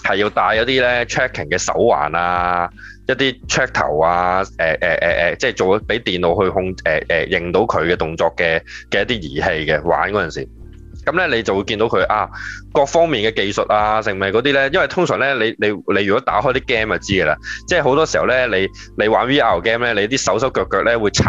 係要戴一啲咧 tracking 嘅手環啊，一啲 check 頭啊，誒誒誒誒，即係做俾電腦去控，誒、呃、誒、呃、認到佢嘅動作嘅嘅一啲儀器嘅玩嗰陣時。咁咧你就會見到佢啊，各方面嘅技術啊，成唔係嗰啲咧，因為通常咧你你你如果打開啲 game 就知噶啦，即係好多時候咧你你玩 VR game 咧，你啲手手腳腳咧會慘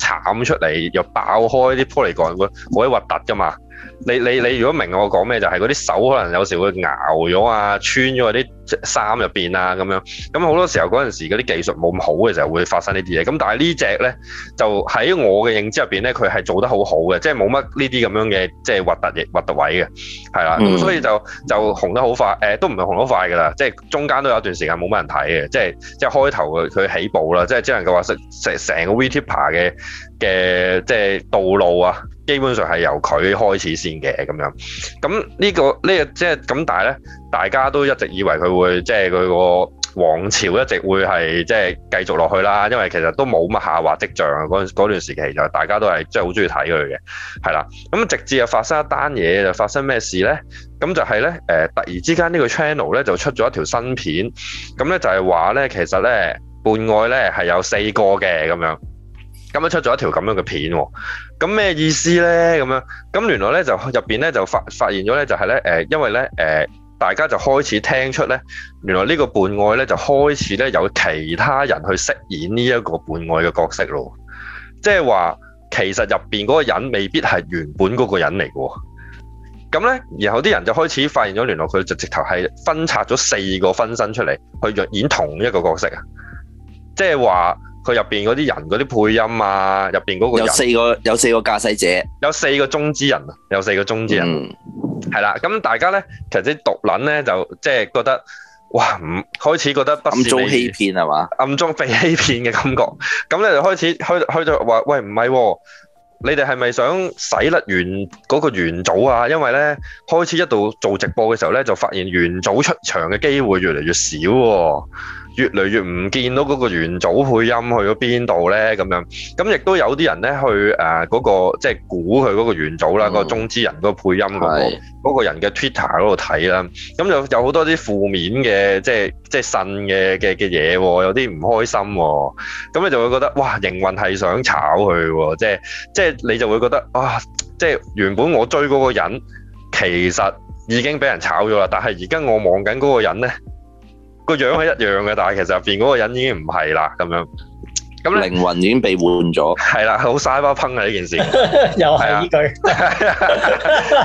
慘出嚟，又爆開啲 polygon，會好鬼核突噶嘛～你你你如果明我講咩，就係嗰啲手可能有時會咬咗啊，穿咗啲衫入邊啊，咁樣咁好多時候嗰陣時嗰啲技術冇咁好嘅時候，會發生呢啲嘢。咁但係呢隻咧，就喺我嘅認知入邊咧，佢係做得好好嘅，即係冇乜呢啲咁樣嘅即係核突嘢核突位嘅，係啦。咁所以就就紅得好快，誒都唔係紅得好快噶啦，即係中間都有一段時間冇乜人睇嘅，即係即係開頭佢起步啦，即係只能夠話成成成個 Vtuber 嘅嘅即係道路啊。基本上係由佢開始先嘅咁樣，咁呢個呢個即係咁，但係咧，大家都一直以為佢會即係佢個王朝一直會係即係繼續落去啦，因為其實都冇乜下滑跡象，嗰嗰段時期就大家都係即係好中意睇佢嘅，係啦。咁直至啊發生一單嘢就發生咩事咧？咁就係咧誒，突然之間個頻道呢個 channel 咧就出咗一條新片，咁咧就係話咧其實咧絆愛咧係有四個嘅咁樣。咁樣出咗一條咁樣嘅片，咁咩意思呢？咁樣咁原來咧就入邊咧就發發現咗咧、就係，就係咧誒，因為咧誒、呃，大家就開始聽出咧，原來個呢個絆愛咧就開始咧有其他人去飾演呢一個絆愛嘅角色咯，即係話其實入邊嗰個人未必係原本嗰個人嚟嘅。咁咧，然後啲人就開始發現咗，原來佢就直頭係分拆咗四個分身出嚟去演同一個角色啊！即係話。佢入邊嗰啲人嗰啲配音啊，入邊嗰個有四個有四個駕駛者，有四個中之人啊，有四個中之人，係啦、嗯。咁大家咧，其實啲毒撚咧，就即係覺得哇唔開始覺得不暗中欺騙係嘛？暗中被欺騙嘅感覺，咁咧就開始開開就話喂唔係、哦，你哋係咪想洗甩完嗰個元祖啊？因為咧開始一度做直播嘅時候咧，就發現元祖出場嘅機會越嚟越少、哦。越嚟越唔見到嗰個元祖配音去咗邊度咧，咁樣，咁亦都有啲人咧去誒嗰、呃嗰個即係估佢嗰個元祖啦，嗰、嗯、個中之人嗰個配音嗰、嗰個嗰是個人嘅 Twitter 嗰度睇啦，咁就有好多啲負面嘅即係即係信嘅嘅嘅嘢喎，有啲唔開心喎，咁你就會覺得哇，營運係想炒佢喎，即係即係你就會覺得啊，即係原本我追嗰個人其實已經俾人炒咗啦，但係而家我望緊嗰個人咧。個樣係一樣嘅，但係其實入邊嗰個人已經唔係啦，咁樣，咁靈魂已經被換咗，係啦，好 cyberpunk 啊呢件事，又係啊，呢句，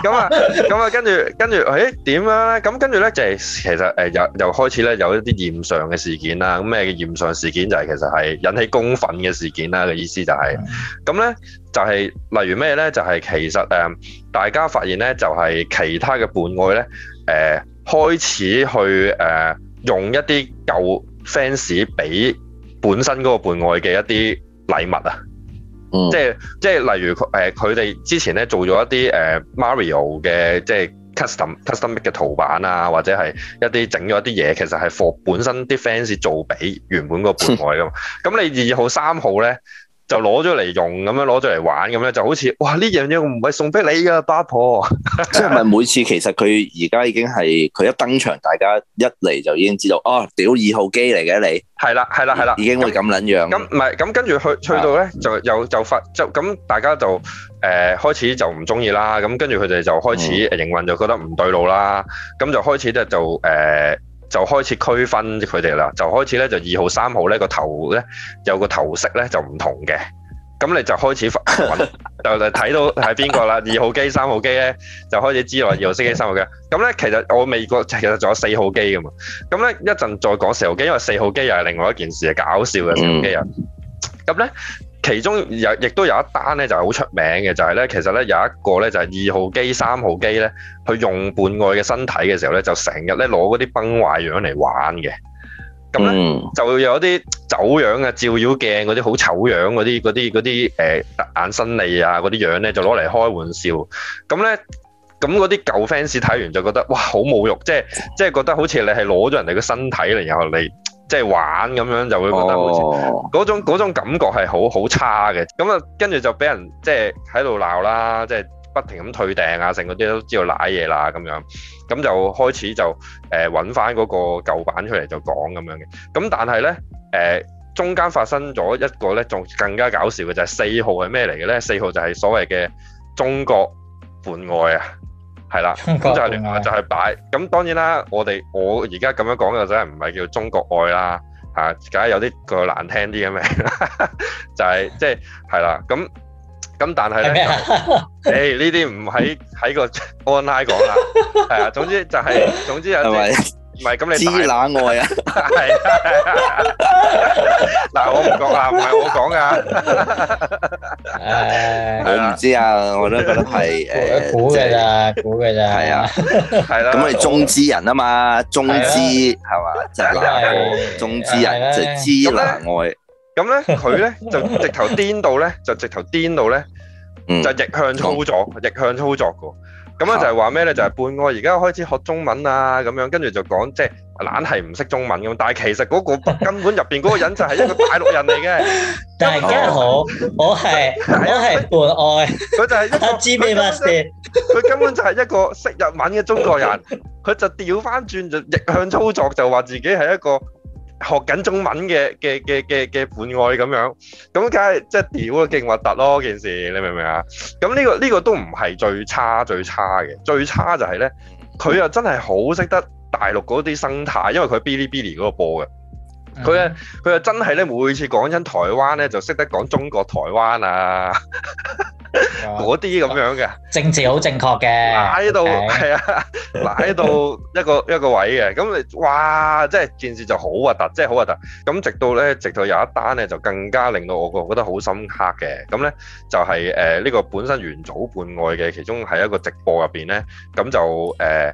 咁啊，咁啊，跟住、跟住，誒，點咧？咁跟住咧就係其實誒，又又開始咧有一啲異常嘅事件啦。咁咩異常事件就係其實係引起公憤嘅事件啦。嘅意思就係，咁咧就係例如咩咧，就係其實誒，大家發現咧就係其他嘅絆愛咧，誒，開始去誒。用一啲舊 fans 俾本身嗰個絆愛嘅一啲禮物啊、嗯，即係即係例如佢誒佢哋之前咧做咗一啲誒、呃、Mario 嘅即係 custom custom 嘅圖版啊，或者係一啲整咗一啲嘢，其實係貨本身啲 fans 做俾原本個絆愛噶嘛，咁 你二號三號咧？就攞咗嚟用咁樣，攞咗嚟玩咁樣，就好似哇呢樣嘢唔係送俾你噶，八婆，即係咪每次其實佢而家已經係佢一登場，大家一嚟就已經知道哦，屌二號機嚟嘅你，係啦係啦係啦，已經會咁撚樣。咁唔係咁跟住去去到咧，就又就發就咁，大家就誒、呃、開始就唔中意啦。咁跟住佢哋就開始營運、嗯、就覺得唔對路啦。咁就開始咧就誒。呃就開始區分佢哋啦，就開始咧就二號三號咧個頭咧有個頭飾咧就唔同嘅，咁你就開始就就睇到係邊個啦。二號機三號機咧就開始知道二號機三號機，咁咧其實我美國其實仲有四號機噶嘛，咁咧一陣再講四號機，因為四號機又係另外一件事啊，搞笑嘅四號機啊，咁咧。其中有亦都有一單咧，就係、是、好出名嘅，就係、是、咧，其實咧有一個咧，就係、是、二號機、三號機咧，佢用絆愛嘅身體嘅時候咧，就成日咧攞嗰啲崩壞樣嚟玩嘅。咁咧就有啲走樣啊、照妖鏡嗰啲好醜樣嗰啲、嗰啲啲誒眼伸脷啊嗰啲樣咧，就攞嚟開玩笑。咁咧咁嗰啲舊 fans 睇完就覺得哇好侮辱，即係即係覺得好似你係攞咗人哋嘅身體嚟，然後你。即係玩咁樣就會覺得好似嗰、oh. 種,種感覺係好好差嘅，咁啊跟住就俾人即係喺度鬧啦，即係不停咁退訂啊，成嗰啲都知道瀨嘢啦咁樣，咁就開始就誒搵返嗰個舊版出嚟就講咁樣嘅，咁但係呢，誒、呃、中間發生咗一個呢，仲更加搞笑嘅就係四號係咩嚟嘅呢？四號就係所謂嘅中國本愛啊！係啦，咁就係就係、是、擺，咁當然啦，我哋我而家咁樣講又真係唔係叫中國愛啦，嚇、啊，梗係有啲個難聽啲咁嘅，就係即係係啦，咁咁但係咧，誒呢啲唔喺喺個 online 講啦，係啊， 總之就係、是、總之有啲。是唔係，咁你知冷愛啊？係啊！嗱，我唔講啊，唔係我講噶。誒，我唔知啊，我都覺得係誒，即係啦，估嘅咋？係啊，係啦。咁你中之人啊嘛，中之係嘛？即係嗱，中之人即係知冷愛。咁咧，佢咧就直頭癲到咧，就直頭癲到咧，就逆向操作，逆向操作噶。咁樣就係話咩咧？就係、是、絆愛而家開始學中文啊！咁樣跟住就講即係懶係唔識中文咁，但係其實嗰、那個根本入邊嗰個人就係一個大陸人嚟嘅。大家 好，我係家係絆愛，佢 就係一個。 他知咩佢根本就係、是、 一個識日文嘅中國人，佢 就調翻轉就逆向操作，就話自己係一個。學緊中文嘅嘅嘅嘅嘅絆愛咁樣，咁梗係即係屌啊勁核突咯！件事你明唔明啊？咁呢個呢個都唔係最差最差嘅，最差就係咧，佢又真係好識得大陸嗰啲生態，因為佢喺 Bilibili 嗰度播嘅。佢啊，佢啊，嗯、真係咧，每次講親台灣咧，就識得講中國台灣啊，嗰啲咁樣嘅政治好正確嘅，喺度係啊，喺度一個 一個位嘅，咁你哇，即係件事就好核突，即係好核突。咁直到咧，直到有一單咧，就更加令到我個覺得好深刻嘅。咁咧就係誒呢個本身原祖絆愛嘅其中係一個直播入邊咧，咁就誒。呃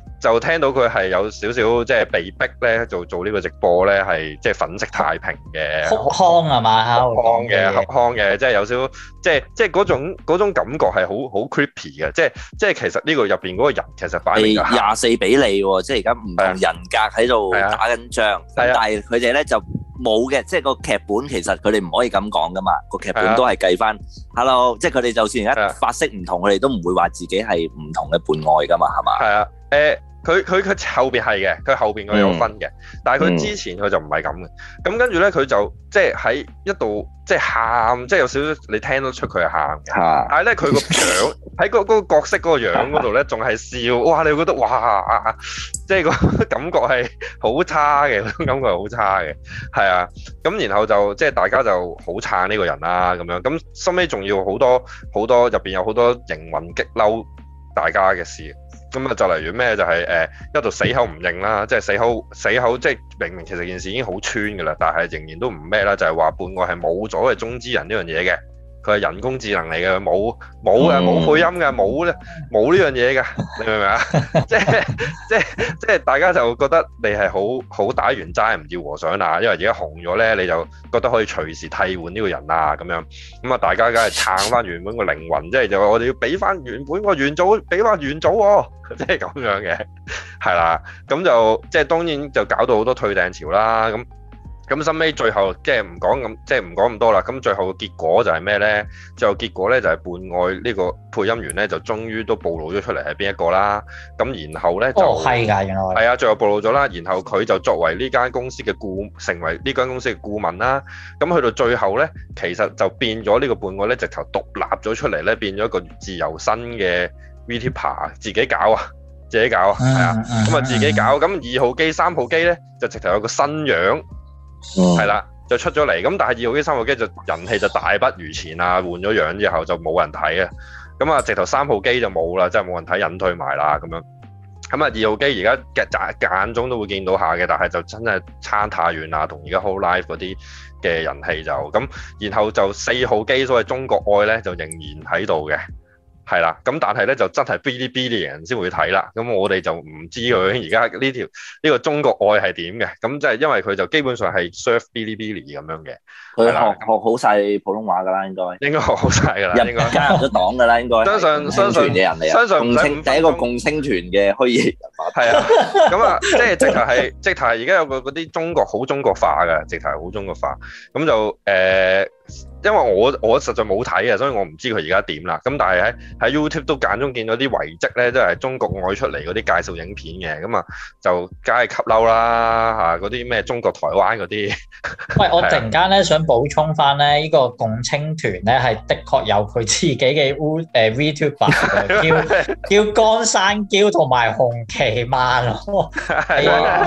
就聽到佢係有少少即係被逼咧做做呢個直播咧，係即係粉飾太平嘅，黑康係嘛？黑康嘅黑康嘅，即係有少即係即係嗰種嗰種感覺係好好 creepy 嘅，即係即係其實呢個入邊嗰個人其實係廿四比你喎，即係而家唔同人格喺度打緊仗，但係佢哋咧就冇嘅，即係個劇本其實佢哋唔可以咁講噶嘛，個劇本都係計翻 hello，即係佢哋就算而家髮色唔同，佢哋都唔會話自己係唔同嘅絆愛㗎嘛，係嘛？係啊，誒。佢佢佢後邊係嘅，佢後邊佢有分嘅，嗯、但係佢之前佢就唔係咁嘅。咁、嗯、跟住咧，佢就即係喺一度即係喊，即係有少少你聽得出佢係喊嘅。啊、但係咧，佢個樣喺嗰、 嗰個嗰個角色嗰個樣嗰度咧，仲係笑。哇！你會覺得哇，啊、即係個感覺係好差嘅，感覺係好差嘅。係啊，咁然後就即係大家就好撐呢個人啦咁樣。咁收尾仲要好多好多入邊有好多營運激嬲大家嘅事。咁啊就例如咩就係、是呃、一路死口唔認啦，即係死口死口，即係明明其實這件事已經好穿嘅啦，但係仍然都唔咩啦，就係、是、話半個係冇咗嘅中之人呢樣嘢嘅。佢係人工智能嚟嘅，冇冇嘅，冇配音嘅，冇咧，冇呢樣嘢嘅，你明唔明啊？即係即係即係大家就覺得你係好好打完齋唔要和尚啦，因為而家紅咗咧，你就覺得可以隨時替換呢個人啊，咁樣咁啊，大家梗係撐翻原本個靈魂，即係 就話我哋要俾翻原本個元祖，俾翻元祖喎、哦，即係咁樣嘅，係啦，咁就即係當然就搞到好多退訂潮啦，咁。咁收尾，最後即係唔講咁，即係唔講咁多啦。咁最後嘅結果就係咩咧？最後結果咧就係絆愛呢個配音員咧，就終於都暴露咗出嚟係邊一個啦。咁然後咧就係㗎，係啊、哦，最後暴露咗啦。然後佢就作為呢間公司嘅顧成為呢間公司嘅顧問啦。咁去到最後咧，其實就變咗呢個絆愛咧，直頭獨立咗出嚟咧，變咗一個自由身嘅 VTuber 自己搞啊，自己搞啊，係啊，咁啊、嗯嗯、自己搞。咁二號機、三號機咧，就直頭有個新樣。係啦、嗯，就出咗嚟，咁但係二號機、三號機就人氣就大不如前啦，換咗樣之後就冇人睇啊，咁啊直頭三號機就冇啦，即係就冇人睇，引退埋啦咁樣，咁啊二號機而家嘅間中都會見到下嘅，但係就真係差太遠啦，同而家 Hololive 嗰啲嘅人氣就咁，然後就四號機所謂中國愛咧就仍然喺度嘅。係啦，咁但係咧就真係嗶哩嗶哩人先會睇啦，咁我哋就唔知佢而家呢條呢個中國愛係點嘅，咁即係因為佢就基本上係 serve 嗶哩嗶哩咁樣嘅，佢學的學好晒普通話噶啦，應該應該學好晒噶啦，加入咗黨噶啦，應該相信相信嘅人嚟，相信清第一個共青團嘅虛擬人物，係啊 咁啊，即係直頭係，直頭係而家有個嗰啲中國好中國化噶，直頭係好中國化，咁就誒。呃因為我我實在冇睇啊，所以我唔知佢而家點啦。咁但係喺喺 YouTube 都間中見到啲遺蹟咧，都係中國外出嚟嗰啲介紹影片嘅。咁啊，就梗係吸溜啦嚇，嗰啲咩中國台灣嗰啲。喂，我突然間咧想補充翻咧，呢個共青團咧係的確有佢自己嘅 U 誒 Vtuber 叫 叫江山嬌同埋紅旗漫咯。二二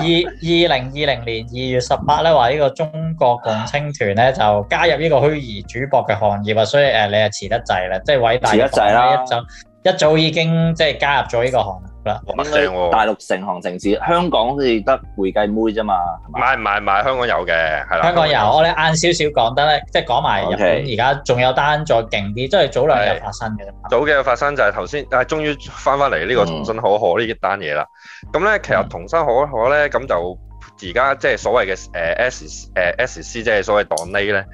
零二零年二月十八咧話，呢個中國共青團咧就加入呢個虛虛擬主播嘅行業啊，所以誒、啊，你係遲得滯啦，即係偉大。得滯啦，就一早已經、嗯、即係加入咗呢個行業啦。嗯、大陸成行成市，香港係得會計妹啫嘛。唔係唔係唔係，香港有嘅係啦。香港有，港有我咧晏少少講得咧，即係講埋。日本，而家仲有單再勁啲，即、就、係、是、早兩日發生嘅啫。是早嘅發生就係頭先，但、哎、係終於翻翻嚟呢個桐生可可呢一單嘢啦。咁咧、嗯嗯嗯，其實桐生可可咧，咁就。嗯而家即係所謂嘅誒 S 誒、uh, SC, uh, SC，即係所謂 donate 咧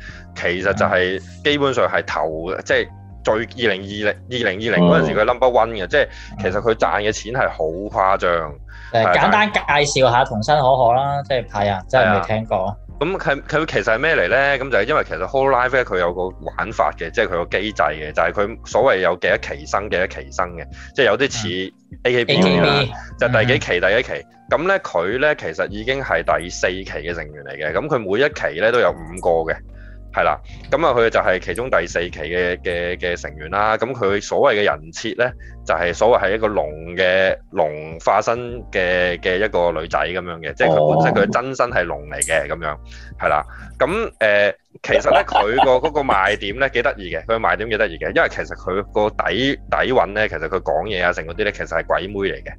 ，A, 其實就係基本上係投即係最二零二零二零二零嗰陣時佢 number one 嘅，即係其實佢賺嘅錢係好誇張。誒，簡單介紹下桐生可可啦，即係派啊，真係未聽過。咁佢佢其實係咩嚟呢？咁就係因為其實 Hololive 咧，佢有個玩法嘅，即係佢個機制嘅，就係、是、佢所謂有幾多期生幾多期生嘅，即係有啲似 AKB 咁樣，就是、第幾期第一期。咁、嗯、呢，佢呢其實已經係第四期嘅成員嚟嘅。咁佢每一期呢都有五個嘅。係啦，咁啊佢就係其中第四期嘅嘅嘅成員啦。咁佢所謂嘅人設咧，就係、係、所謂係一個龍嘅龍化身嘅嘅一個女仔咁樣嘅，即係佢本身佢真身係龍嚟嘅咁樣，係啦。咁誒、呃，其實咧佢個嗰個賣點咧幾得意嘅，佢 賣點幾得意嘅，因為其實佢個底底蘊咧，其實佢講嘢啊成嗰啲咧，其實係鬼妹嚟嘅，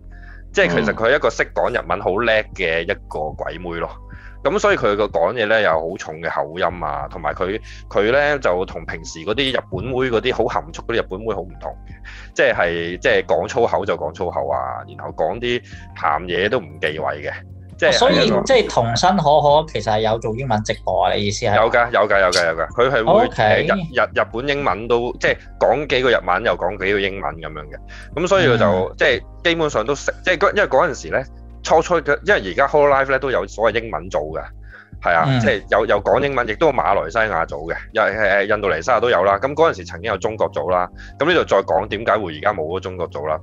即係其實佢一個識講日文好叻嘅一個鬼妹咯。咁所以佢個講嘢咧有好重嘅口音啊，同埋佢佢咧就同平時嗰啲日本妹嗰啲好含蓄嗰啲日本妹好唔同嘅，即係即係講粗口就講粗口啊，然後講啲鹹嘢都唔忌諱嘅，哦、即係。所以即係桐生可可其實係有做英文直播啊？你意思係？有㗎有㗎有㗎有㗎，佢係會日 Okay. 日日，日本英文都即係講幾個日文又講幾個英文咁樣嘅，咁所以佢就即係、嗯、基本上都識，即係因為嗰陣時咧。初初嘅，因為而家 Hololive 咧都有所謂英文組嘅，係啊，mm hmm. 即係有有講英文，亦都有馬來西亞組嘅，又係誒印度尼西亞都有啦。咁嗰陣時曾經有中國組啦，咁呢度再講點解會而家冇咗中國組啦。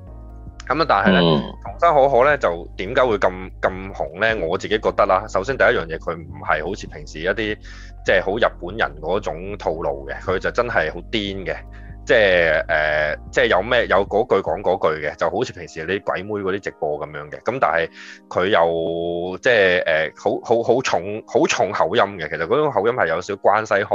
咁啊，但係咧，桐、hmm. 生可可咧就點解會咁咁紅咧？我自己覺得啦，首先第一樣嘢佢唔係好似平時一啲即係好日本人嗰種套路嘅，佢就真係好癲嘅。即係誒，即係有咩有嗰句講嗰句嘅，就好似平時你啲鬼妹嗰啲直播咁樣嘅。咁但係佢又即係誒、uh，好好好重好重口音嘅。其實嗰種口音係有少少關西腔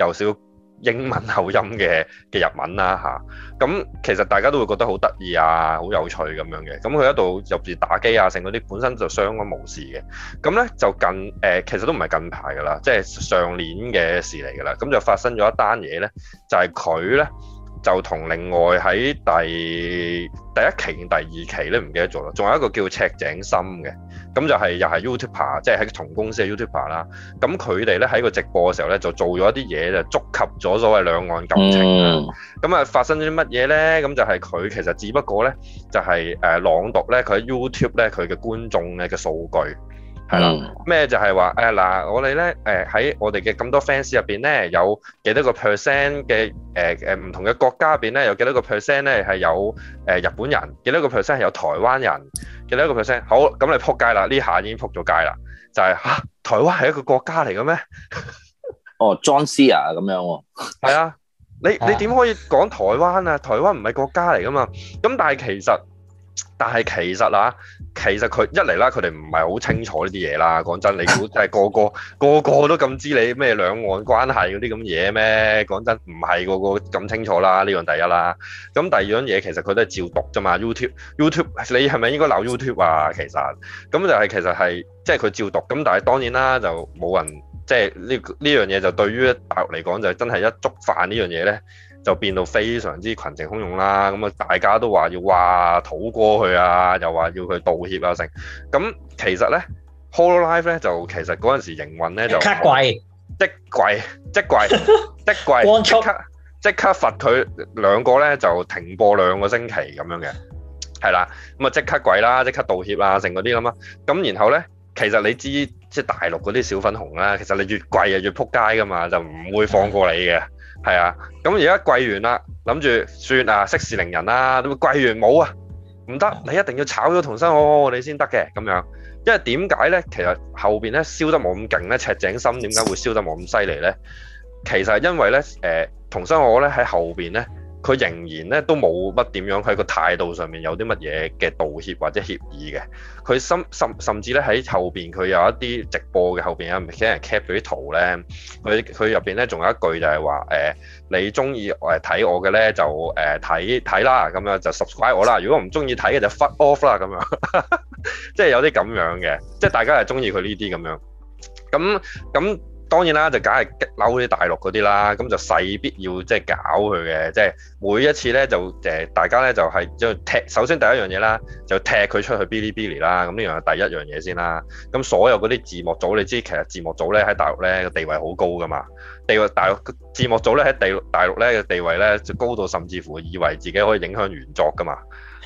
有，有少少。英文口音嘅嘅日文啦嚇，咁、啊、其實大家都會覺得好得意啊，好有趣咁樣嘅，咁、啊、佢一度入住打機啊，成嗰啲本身就相安無事嘅，咁、啊、咧就近誒、呃，其實都唔係近排㗎啦，即係上年嘅事嚟㗎啦，咁、啊、就發生咗一單嘢咧，就係佢咧。就同另外喺第第一期、第二期咧唔記得咗啦，仲有一個叫赤井心嘅，咁就係又係 YouTuber，即係喺同公司嘅 YouTuber 啦。咁佢哋咧喺個直播嘅時候咧，就做咗一啲嘢就觸及咗所謂兩岸感情。咁啊發生咗啲乜嘢咧？咁就係佢其實只不過咧就係、是、誒、呃、朗讀咧佢喺 YouTube 咧佢嘅觀眾咧嘅數據。係啦，咩就係話誒嗱，我哋咧誒喺我哋嘅咁多 fans 入邊咧，有幾多個 percent 嘅誒誒、呃、唔同嘅國家入邊咧，有幾多個 percent 咧係有誒、呃、日本人，幾多個 percent 係有台灣人，幾多個 percent 好，咁你扑街啦，呢下已經扑咗街啦，就係、是啊、台灣係一個國家嚟嘅咩？哦、 oh，John Cena 咁樣，係啊， 你你點可以講台灣啊？台灣唔係國家嚟噶嘛？咁但係其實。但係其實啦，其實佢一嚟啦，佢哋唔係好清楚呢啲嘢啦。講真，你估即係個個個個都咁知你咩兩岸關係嗰啲咁嘢咩？講真，唔係個個咁清楚啦。呢樣第一啦，咁第二樣嘢其實佢都係照讀啫嘛。YouTube YouTube，你係咪應該鬧 YouTube 啊？其實咁就係，其實係即係佢照讀。咁但係當然啦，就冇人即係呢呢樣嘢就對於大陸嚟講就真係一觸犯呢樣嘢咧。就變到非常之群情洶湧啦，咁啊大家都話要話土哥去啊，又話要佢道歉啊，成咁其實咧，Hololive 咧就其實嗰陣時營運咧就即刻跪，即跪即跪即跪，即刻即刻罰佢兩個咧就停播兩個星期咁樣嘅，係啦，咁啊即刻跪啦，即刻道歉啊，成嗰啲啦嘛，咁然後咧其實你知即大陸嗰啲小粉紅啦，其實你越跪啊越撲街噶嘛，就唔會放過你嘅。係啊，咁而家跪完啦，諗住算啊，息事寧人啦，咁跪完冇啊，唔得，你一定要炒咗桐生可可我哋先得嘅，咁、哦、樣，因為點解咧？其實後邊咧燒得冇咁勁咧，赤井心點解會燒得冇咁犀利咧？其實係因為咧，誒桐生可可咧喺後邊咧。佢仍然咧都冇乜點樣，喺個態度上面有啲乜嘢嘅道歉或者協議嘅。佢甚甚甚至咧喺後邊佢有一啲直播嘅後邊有唔少人 cap 嗰啲圖咧。佢佢入邊咧仲有一句就係話誒，你中意誒睇我嘅咧就誒睇睇啦，咁樣就 subscribe 我啦。如果唔中意睇嘅就 fuck off 啦，咁樣，咁樣 即係有啲咁樣嘅，即係大家係中意佢呢啲咁樣。咁咁。當然啦，就梗係激嬲啲大陸嗰啲啦，咁就勢必要即係搞佢嘅，即係每一次咧就誒，大家咧就係、是、即踢，首先第一樣嘢啦，就踢佢出去 Bilibili 啦，咁呢樣係第一樣嘢先啦。咁所有嗰啲字幕組，你知其實字幕組咧喺大陸咧個地位好高㗎嘛。地大字幕組咧喺地大陸咧嘅地位咧就高到甚至乎以為自己可以影響原作噶嘛，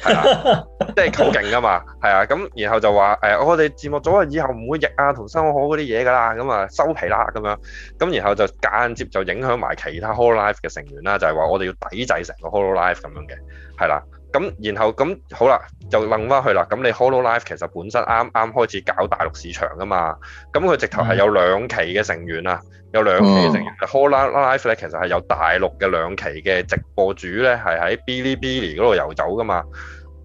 係啦， 即係求勁啊嘛，係啊，咁然後就話誒、哎、我哋字幕組啊以後唔會譯啊桐生可可嗰啲嘢噶啦，咁啊收皮啦咁樣，咁然後就間接就影響埋其他 hololive 嘅成員啦，就係、是、話我哋要抵制成個 hololive 咁樣嘅，係啦。咁，然後咁好啦，就掹翻去啦。咁你 Hololive 其實本身啱啱開始搞大陸市場噶嘛，咁佢直頭係有兩期嘅成員啊，有兩期嘅成員。嗯、Hololive 咧其實係有大陸嘅兩期嘅直播主咧，係喺 Bilibili 嗰度遊走噶嘛。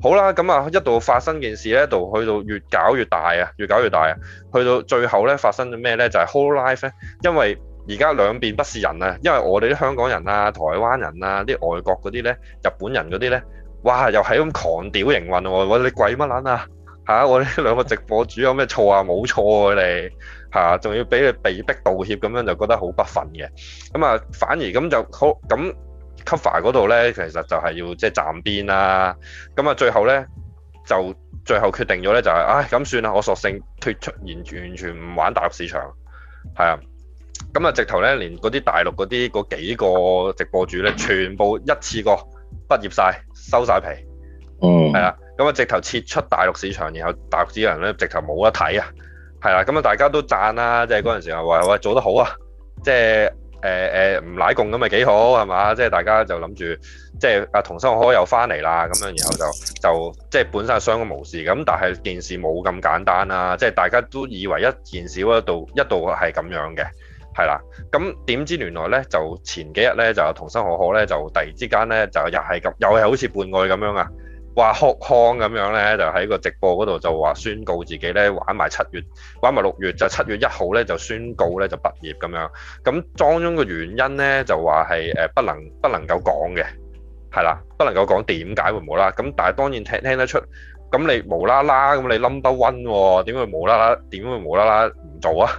好啦，咁啊，一度發生件事咧，一到去到越搞越大啊，越搞越大啊，去到最後咧發生咗咩咧？就係、是、Hololive 咧，因為而家兩邊不是人啊，因為我哋啲香港人啊、台灣人啊、啲外國嗰啲咧、日本人嗰啲咧。哇！又係咁狂屌營運喎、啊哎啊啊，我你鬼乜撚啊嚇！我呢兩個直播主有咩錯啊？冇錯佢哋嚇，仲要俾你被逼道歉咁樣，就覺得好不忿嘅咁啊。反而咁就好咁 cover 嗰度咧，其實就係要即係站邊啦。咁、就、啊、是，最後咧就最後決定咗咧、就是，就係唉咁算啦，我索性退出，完完全唔玩大陸市場係啊。咁啊、嗯嗯，直頭咧連嗰啲大陸嗰啲嗰幾個直播主咧，全部一次過畢業晒。收晒皮，嗯，係啦，咁啊，直頭撤出大陸市場，然後大陸市場咧，直頭冇得睇啊，係啦，咁啊，大家都讚啦、啊，即係嗰陣時候話喂，喂做得好啊，即係誒誒唔奶共咁咪幾好係嘛，即係、就是、大家就諗住即係阿桐生可可又翻嚟啦，咁樣然後就就即係、就是、本身係相安無事咁，但係件事冇咁簡單啦、啊，即、就、係、是、大家都以為一件事嗰度一度係咁樣嘅。係啦，咁點知原來咧就前幾日咧就桐生可可咧就突然之間咧就又係咁，又係好似絆愛咁樣啊，話學巷咁樣咧就喺個直播嗰度就話宣告自己咧玩埋七月，玩埋六月就七月一號咧就宣告咧就畢業咁樣，咁當中嘅原因咧就話係誒不能不能夠講嘅，係啦，不能夠講點解會冇啦，咁但係當然聽聽得出，咁你無啦啦咁你 number one 喎，點會無啦啦，點會無啦啦唔做啊？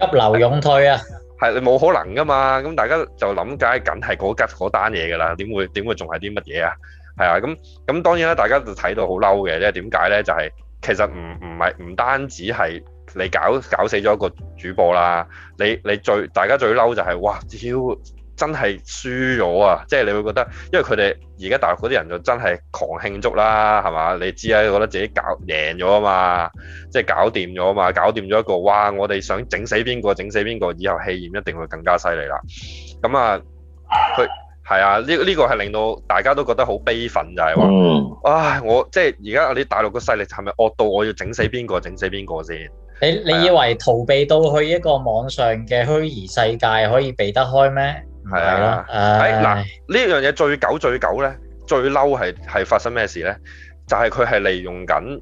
急流勇退啊！係，你冇可能㗎嘛，咁大家就諗解緊係嗰吉嗰單嘢㗎喇，點會點會仲係啲乜嘢啊？係啊，咁咁當然啦，然大家就睇到好嬲嘅，即係點解咧？就係、是、其實唔唔係唔單止係你搞搞死咗一個主播啦，你你最大家最嬲就係、是、哇、屌、啊！真係輸咗啊！即係你會覺得，因為佢哋而家大陸嗰啲人就真係狂慶祝啦，係嘛？你知啊，覺得自己搞贏咗啊嘛，即係搞掂咗啊嘛，搞掂咗一個哇！我哋想整死邊個，整死邊個，以後氣焰一定會更加犀利啦。咁啊，佢係啊，呢呢個係令到大家都覺得好悲憤就係話，唉、啊，我即係而家你大陸個勢力係咪惡到我要整死邊個，整死邊個先？你你以為逃避到去一個網上嘅虛擬世界可以避得開咩？係啊，誒嗱、哎、喊呢樣嘢最狗最狗咧，最嬲係係發生咩事咧？就係佢係利用緊，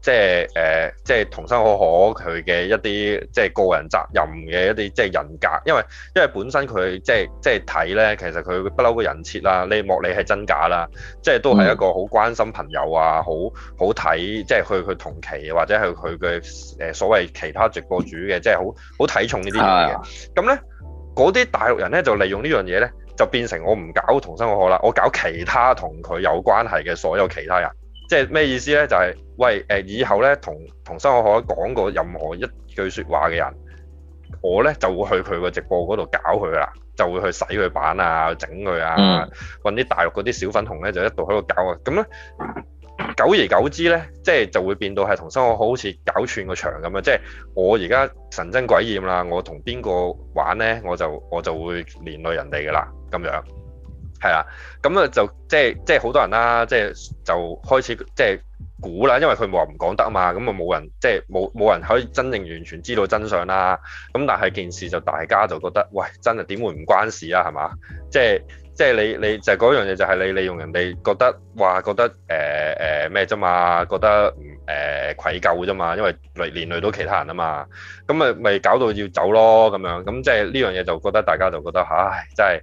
即係誒、呃，即係桐生可可佢嘅一啲即係個人責任嘅一啲即係人格，因為因為本身佢即係即係睇咧，其實佢不嬲嘅人設啦，你莫你係真假啦，即係都係一個好關心朋友啊，嗯、好好睇即係佢佢同期或者係佢嘅誒所謂其他直播主嘅，即係好好睇重、嗯嗯、呢啲嘢嘅，咁咧。嗰啲大陸人咧就利用呢樣嘢咧，就變成我唔搞桐生可可啦，我搞其他同佢有關係嘅所有其他人，即係咩意思咧？就係、是、喂誒，以後咧同桐生可可講過任何一句説話嘅人，我咧就會去佢個直播嗰度搞佢啦，就會去洗佢版啊，整佢啊，揾啲、嗯、大陸嗰啲小粉紅咧就一度喺度搞啊，咁咧。久而久之咧，即係就會變到係同生活好似攪串個場咁樣，即係我而家神憎鬼厭啦，我同邊個玩咧，我就我就會連累人哋噶啦，咁樣係啦。咁啊就即係即係好多人啦，即係就開始即係估啦，因為佢冇話唔講得啊嘛。咁啊冇人即係冇冇人可以真正完全知道真相啦。咁但係件事就大家就覺得喂真係點會唔關事啊係嘛？即係。即係你你就係嗰樣嘢，就係、是、你利用人哋覺得話覺得誒誒咩啫嘛，覺得唔、呃呃呃、愧疚啫嘛，因為累連累到其他人啊嘛，咁咪咪搞到要走咯咁樣，咁即係呢樣嘢就覺得大家就覺得唉，真係。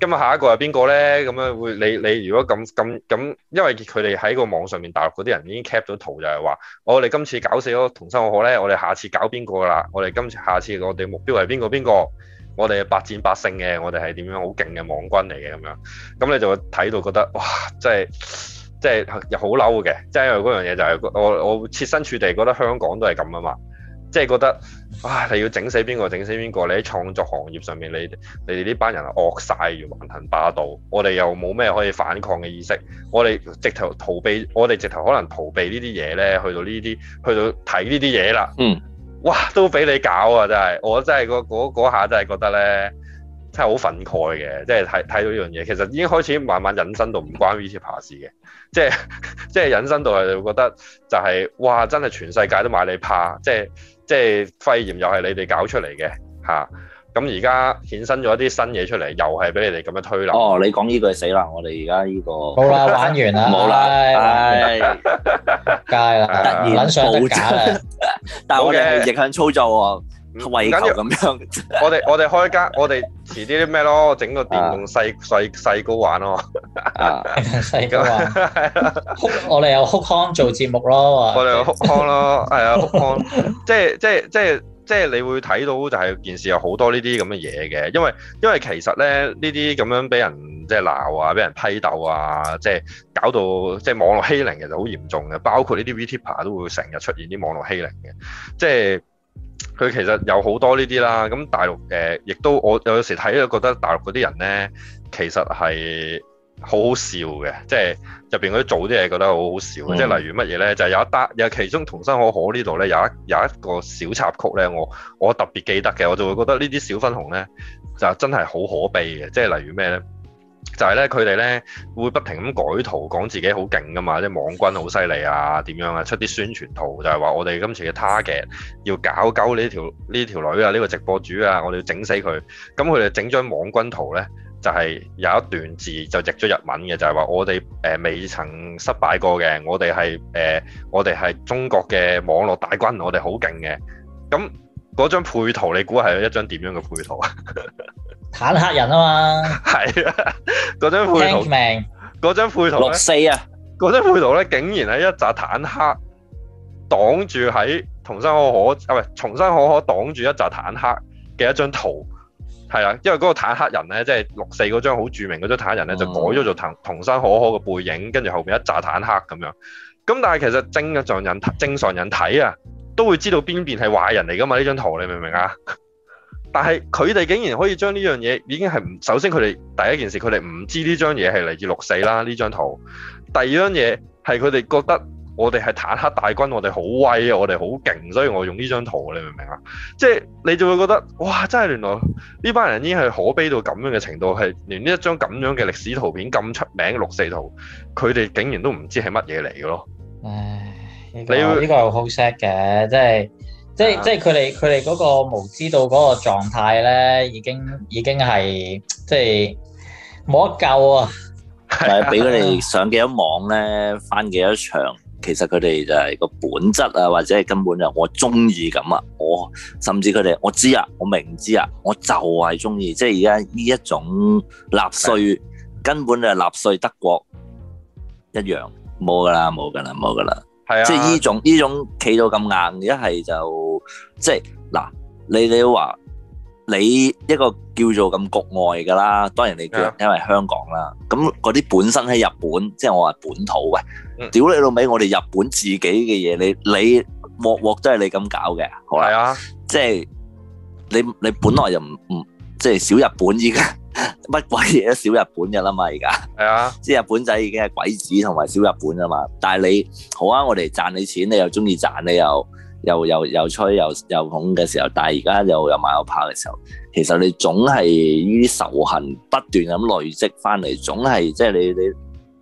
今日下一個係邊個咧？咁樣會你你如果咁咁咁，因為佢哋喺個網上面大陸嗰啲人已經 cap 咗圖，就係、是、話我哋今次搞死咗同生我好咧，我哋下次搞邊個啦？我哋今次下次我哋目標係邊個邊個？我哋百戰百勝嘅，我哋係點樣好勁嘅網軍嚟嘅咁樣，咁你就會睇到覺得哇，即係即係又好嬲嘅，即係因為嗰樣嘢就係、是、我我設身處地覺得香港都係咁啊嘛，即係覺得啊你要整死邊個，整死邊個？你喺創作行業上面，你你哋呢班人惡曬，橫行霸道，我哋又冇咩可以反抗嘅意識，我哋直頭逃避，我哋直頭可能逃避呢啲嘢咧，去到呢啲去到睇呢啲嘢啦，嗯。哇！都俾你搞啊，真係我真係嗰下真係覺得呢，真係好憤慨嘅，即係睇睇到呢樣嘢，其實已經開始慢慢引申到唔關 VTuber 事嘅，即係即係引申到係會覺得就係、是、哇！真係全世界都買你怕，即係即係肺炎又係你哋搞出嚟嘅嚇。啊。咁而家衍生咗一啲新嘢出嚟，又係俾你哋咁樣推流。哦，你講呢句死啦！我哋而家呢個好啦，玩完啦，冇啦，係，梗啦，突然暴增。但係我哋係逆向操作喎，為求咁樣。我哋我哋開間我哋遲啲啲咩咯？整個電動細細細高玩咯。細高玩，哭！我哋又哭腔做節目咯。我哋又哭腔咯，係啊，哭腔，即係即係即係。即係你會睇到就係件事有好多呢啲咁嘅嘢嘅，因為因為其實咧呢啲咁樣俾人即係鬧啊，俾人批鬥啊，即係搞到即係網絡欺凌其實好嚴重嘅，包括呢啲 Vtuber 都會成日出現啲網絡欺凌嘅，即係佢其實有好多呢啲啦。咁大陸誒，亦都我有時睇到覺得大陸嗰啲人咧其實係。好好笑嘅，即係入邊嗰啲做啲嘢覺得好好笑即係、嗯、例如乜嘢呢？就係、有一單，有其中桐生可可呢度呢，有一有一個小插曲呢。我我特別記得嘅，我就會覺得呢啲小粉紅呢，就真係好可悲嘅，即係例如咩呢？就係、係、呢，佢哋呢會不停咁改圖講自己好勁噶嘛，啲網軍好犀利啊，點樣啊？出啲宣傳圖就係、係、話我哋今次嘅 target 要搞鳩呢條呢條女啊，呢、呢個直播主啊，我哋要整死佢。咁佢哋整張網軍圖呢。就係有一段字就譯咗日文嘅，就係話我哋誒未曾失敗過嘅，我哋係誒我哋係中國嘅網絡大軍，我哋好勁嘅。咁嗰張配圖你估係一張點樣嘅配圖啊？坦克人啊嘛，係啊，嗰張配圖，嗰張配圖， peninsula, 六四啊，嗰張配圖咧， 竟然係一紮坦克擋住喺桐生可可啊，唔係桐生可可擋住一紮坦克嘅一,一張圖。係啊，因為嗰個坦克人咧，即係六四嗰張好著名嗰張坦克人咧，就改咗做桐生可可嘅背影，跟住後邊一紮坦克咁樣。咁但係其實正常人正常人睇啊，都會知道邊邊係壞人嚟㗎嘛呢張圖，你明唔明啊？ 但係佢哋竟然可以將呢樣嘢，已經係唔首先佢哋第一件事，佢哋唔知呢張嘢係嚟自六四啦呢張圖。第二樣嘢係佢哋覺得。我哋係坦克大軍，我哋好威啊！我哋好勁，所以我用呢張圖，你明唔明啊？即係你就會覺得哇！真係原來呢班人已經係可悲到咁樣嘅程度，係連呢一張咁樣嘅歷史圖片咁出名嘅六四圖，佢哋竟然都唔知係乜嘢嚟嘅咯。唉，呢、這個呢呢要個好 sad 嘅，是啊、即係即係即係佢哋佢哋嗰個無知道嗰個狀態咧，已經已經係即係冇得救是啊！係俾佢哋上幾多網咧，翻幾多場。其實佢哋就係個本質啊，或者係根本就我中意咁啊！我甚至佢哋我知啊，我明知啊，我就係中意。即係而家呢一種納粹，的根本就係納粹德國一樣冇噶啦，冇噶啦，冇噶啦。係啊的，即係呢種呢種企到咁硬，一係就即係嗱，你你話。你一個叫做咁局外噶啦，當然你叫 Yeah. 因為香港啦。咁嗰啲本身喺日本，即係我話本土嘅。屌你老味，我哋日本自己嘅嘢，你你鑊鑊都係你咁搞嘅，好啦，係啊，Yeah. 即係你你本來又唔唔，即係小日本依家乜鬼嘢都小日本噶啦嘛，而家係啊，即係日本仔已經係鬼子同埋小日本啊嘛，但係你好啊，我哋賺你錢，你又中意賺，你又。又又又吹又又恐嘅時候，但係而家又又買又跑嘅時候，其實你總係呢啲仇恨不斷咁累積翻嚟，總係即係你你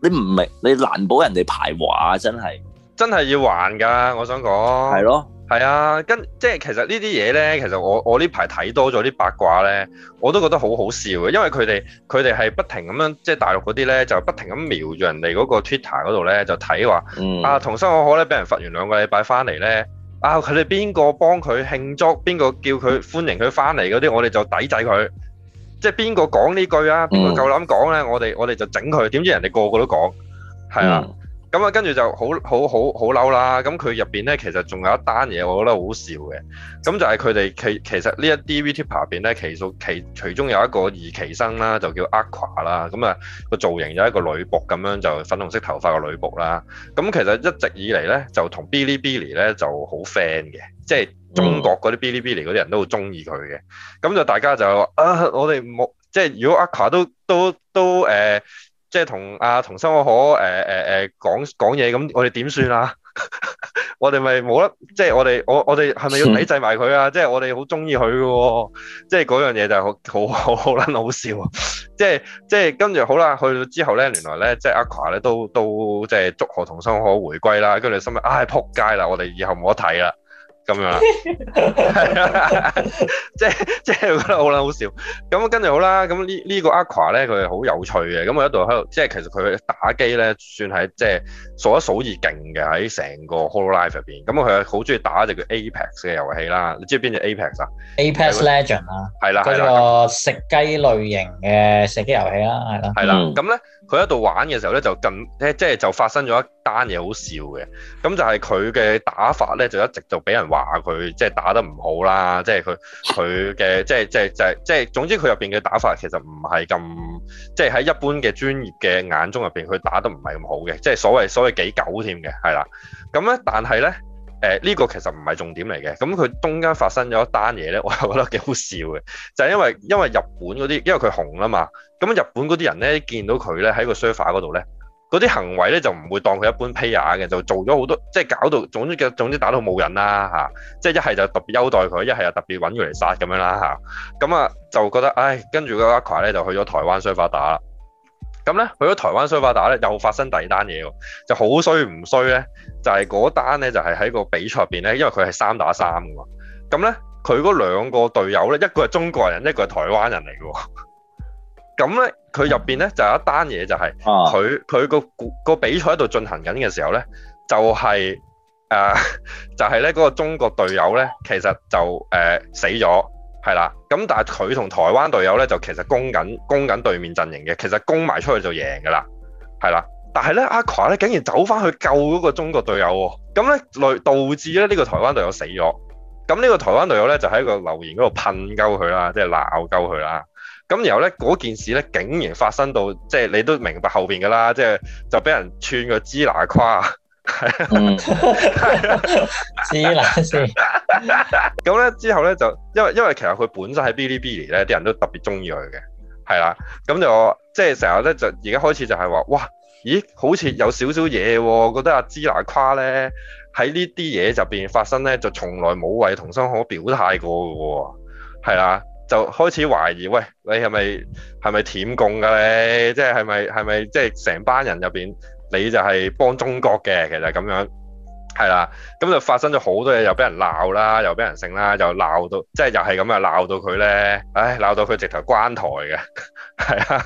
你唔明，你難保人哋排話，真係真係要還㗎。我想講係對咯，係啊，跟即係其實呢啲嘢咧，其實我我呢排睇多咗啲八卦咧，我都覺得好好笑嘅，因為佢哋佢哋係不停咁樣即係大陸嗰啲咧，就不停咁瞄住人哋嗰個 Twitter 嗰度咧，就睇話啊桐生可可咧，俾人罰完兩個禮拜翻嚟咧。啊！佢哋邊個幫佢慶祝，邊個叫佢歡迎佢翻嚟嗰啲，我哋就抵制佢。即係邊個講呢句啊？邊個夠膽講咧？我哋我哋就整佢。點知人哋個個都講，係啊。嗯。咁啊，跟住就好，好好好嬲啦！咁佢入邊咧，其實仲有一單嘢，我覺得好笑嘅。咁就係佢哋其其實呢一啲 Vtuber 入邊咧，其實其其中有一個二期生啦，就叫 Aqua 啦。咁啊，個造型有一個女僕咁樣，就粉紅色頭髮個女僕啦。咁其實一直以嚟咧，就同 Bilibili 咧就好 friend 嘅，即係中國嗰啲 Bilibili 嗰啲人都好中意佢嘅。咁就大家就啊，我哋冇即係如果 Aqua 都都都誒。都呃即係同阿桐生可可誒誒誒講講嘢咁，我哋點算啊？呃呃、我哋咪冇得，即係我哋我我哋係咪要抵制埋佢啊？即係我哋好中意佢嘅，即係嗰樣嘢就好好好撚好笑，啊。即係即係跟住好啦，去到之後咧，原來咧即係 Aqua 咧都都即係祝賀桐生可可回歸啦。跟住心諗，唉、哎，撲街啦！我哋以後冇得睇啦。咁樣、 就是就是這個，即係即係覺得好捻好笑。咁跟住好啦，咁呢呢個 Aqua 咧，佢係好有趣嘅。咁我一度喺度，即係其實佢打機咧，算係即係數一數二勁嘅，喺成個 Hololive 入邊。咁佢好中意打隻叫《Apex》嘅遊戲啦。你知唔知邊隻《Apex》啊？的《Apex Legend 的》啊的，係啦係啦，嗰個食雞類型嘅食雞遊戲啦，係啦，係啦、嗯，咁咧。嗯佢喺度玩嘅時候咧，就近咧即係就發生咗一單嘢好笑嘅，咁就係佢嘅打法咧，就一直就俾人話佢即係打得唔好啦，即係佢佢嘅即係即係即係即係總之佢入邊嘅打法其實唔係咁即係喺一般嘅專業嘅眼中入邊，佢打得唔係咁好嘅，即係所謂所謂幾狗添嘅，係啦。咁咧，但係咧。誒呢、呃、這個其實唔係重點嚟嘅，咁、嗯、佢中間發生咗一單嘢咧，我又覺得幾好笑嘅，就係、是、因為因為日本嗰啲因為佢紅啦嘛，咁、嗯、日本嗰啲人咧見到佢咧喺個 server 嗰度咧，嗰啲行為咧就唔會當佢一般 player 嘅，就做咗好多，即係搞到總之嘅總之打到冇人啦嚇、啊，即係一係就特別優待佢，一係就特別揾佢嚟殺咁樣啦嚇，咁啊，啊就覺得唉，跟、哎、住個 Aqua 咧就去咗台灣 server 打。咁咧，去咗台灣雙打咧又發生第二單嘢喎，就好衰唔衰咧？就係、是、嗰單咧就係、是、喺個比賽入邊咧，因為佢係三打三噶嘛。咁咧，佢嗰兩個隊友咧，一個係中國人，一個係台灣人嚟嘅。咁咧，佢入邊咧就有一單嘢就係佢佢個、那個比賽喺度進行緊嘅時候咧，就係、是、誒、呃、就係咧嗰個中國隊友咧，其實就誒、呃、死咗。係啦，咁但係佢同台灣隊友咧就其實攻緊攻緊對面陣營嘅，其實攻埋出去就贏噶啦，係啦。但係咧，阿 q 咧竟然走翻去救嗰個中國隊友喎，咁咧內導致咧呢、呢個台灣隊友死咗。咁呢個台灣隊友咧就喺個留言嗰度噴鳩佢啦，即係鬧鳩佢啦。咁然後咧嗰件事咧竟然發生到即係你都明白後邊噶啦，即係就俾人串個支拿跨。係啊，知啦先。咁咧之後咧就，因為因為其實佢本身喺嗶哩嗶哩咧，啲人都特別中意佢嘅，係啦。咁就即係成日咧就，而家開始就係話，哇，咦，好似有少少嘢，覺得阿、啊、芝娜夸咧喺呢啲嘢入邊發生咧，就從來冇為桐生可可表態過嘅、哦，係啦，就開始懷疑，喂，你係咪係咪舔共噶你？即係係咪係咪即係成班人入邊？你就係幫中國嘅，其實咁樣係啦，咁就發生咗好多嘢，又俾人鬧啦，又俾人性啦，又鬧到即係又係咁啊鬧到佢咧，唉鬧到佢直頭關台嘅，係啊，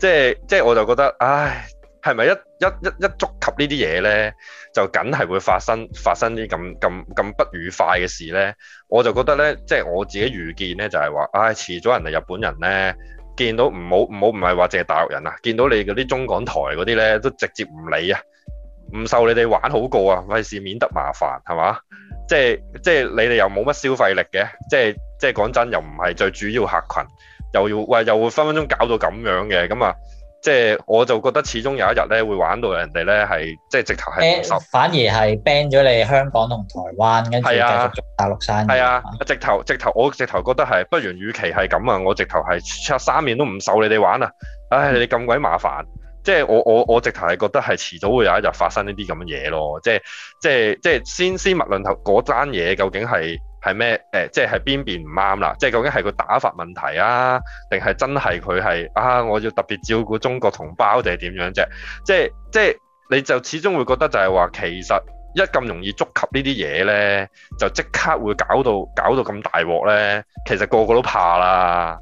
即係即係我就覺得，唉，係咪一一一一觸及呢啲嘢咧，就梗係會發生發生啲咁咁咁不愉快嘅事咧？我就覺得咧，即係我自己預見咧，就係、是、話，唉，遲早人哋日本人咧。見到唔好唔好唔係話淨係大陸人啊！見到你嗰啲中港台嗰啲咧，都直接唔理啊！唔受你哋玩好過啊，費事免得麻煩係嘛？即係即係你哋又冇乜消費力嘅，即係即係講真又唔係最主要客群，又要喂又會分分鐘搞到咁樣嘅咁啊！即係我就覺得始終有一日咧會玩到人哋咧係即係直頭係唔受，反而係 ban 咗你香港同台灣，跟住繼續大陸山，係啊，啊直頭直頭，我直頭覺得係，不如與其係咁啊！我直頭係出三面都唔受你哋玩啊！唉，你咁鬼麻煩，即係我我我直頭係覺得係遲早會有一日發生呢啲咁嘅嘢咯，即係即係即係先先勿論頭嗰單嘢究竟係。係咩？誒、呃，即係邊邊唔啱啦？即係究竟係個打法問題啊，定係真係佢係啊？我要特別照顧中國同胞定係點樣啫？即係即係，你就始終會覺得就係話，其實一咁容易觸及呢啲嘢咧，就即刻會搞到搞到咁大禍咧。其實個個都怕啦。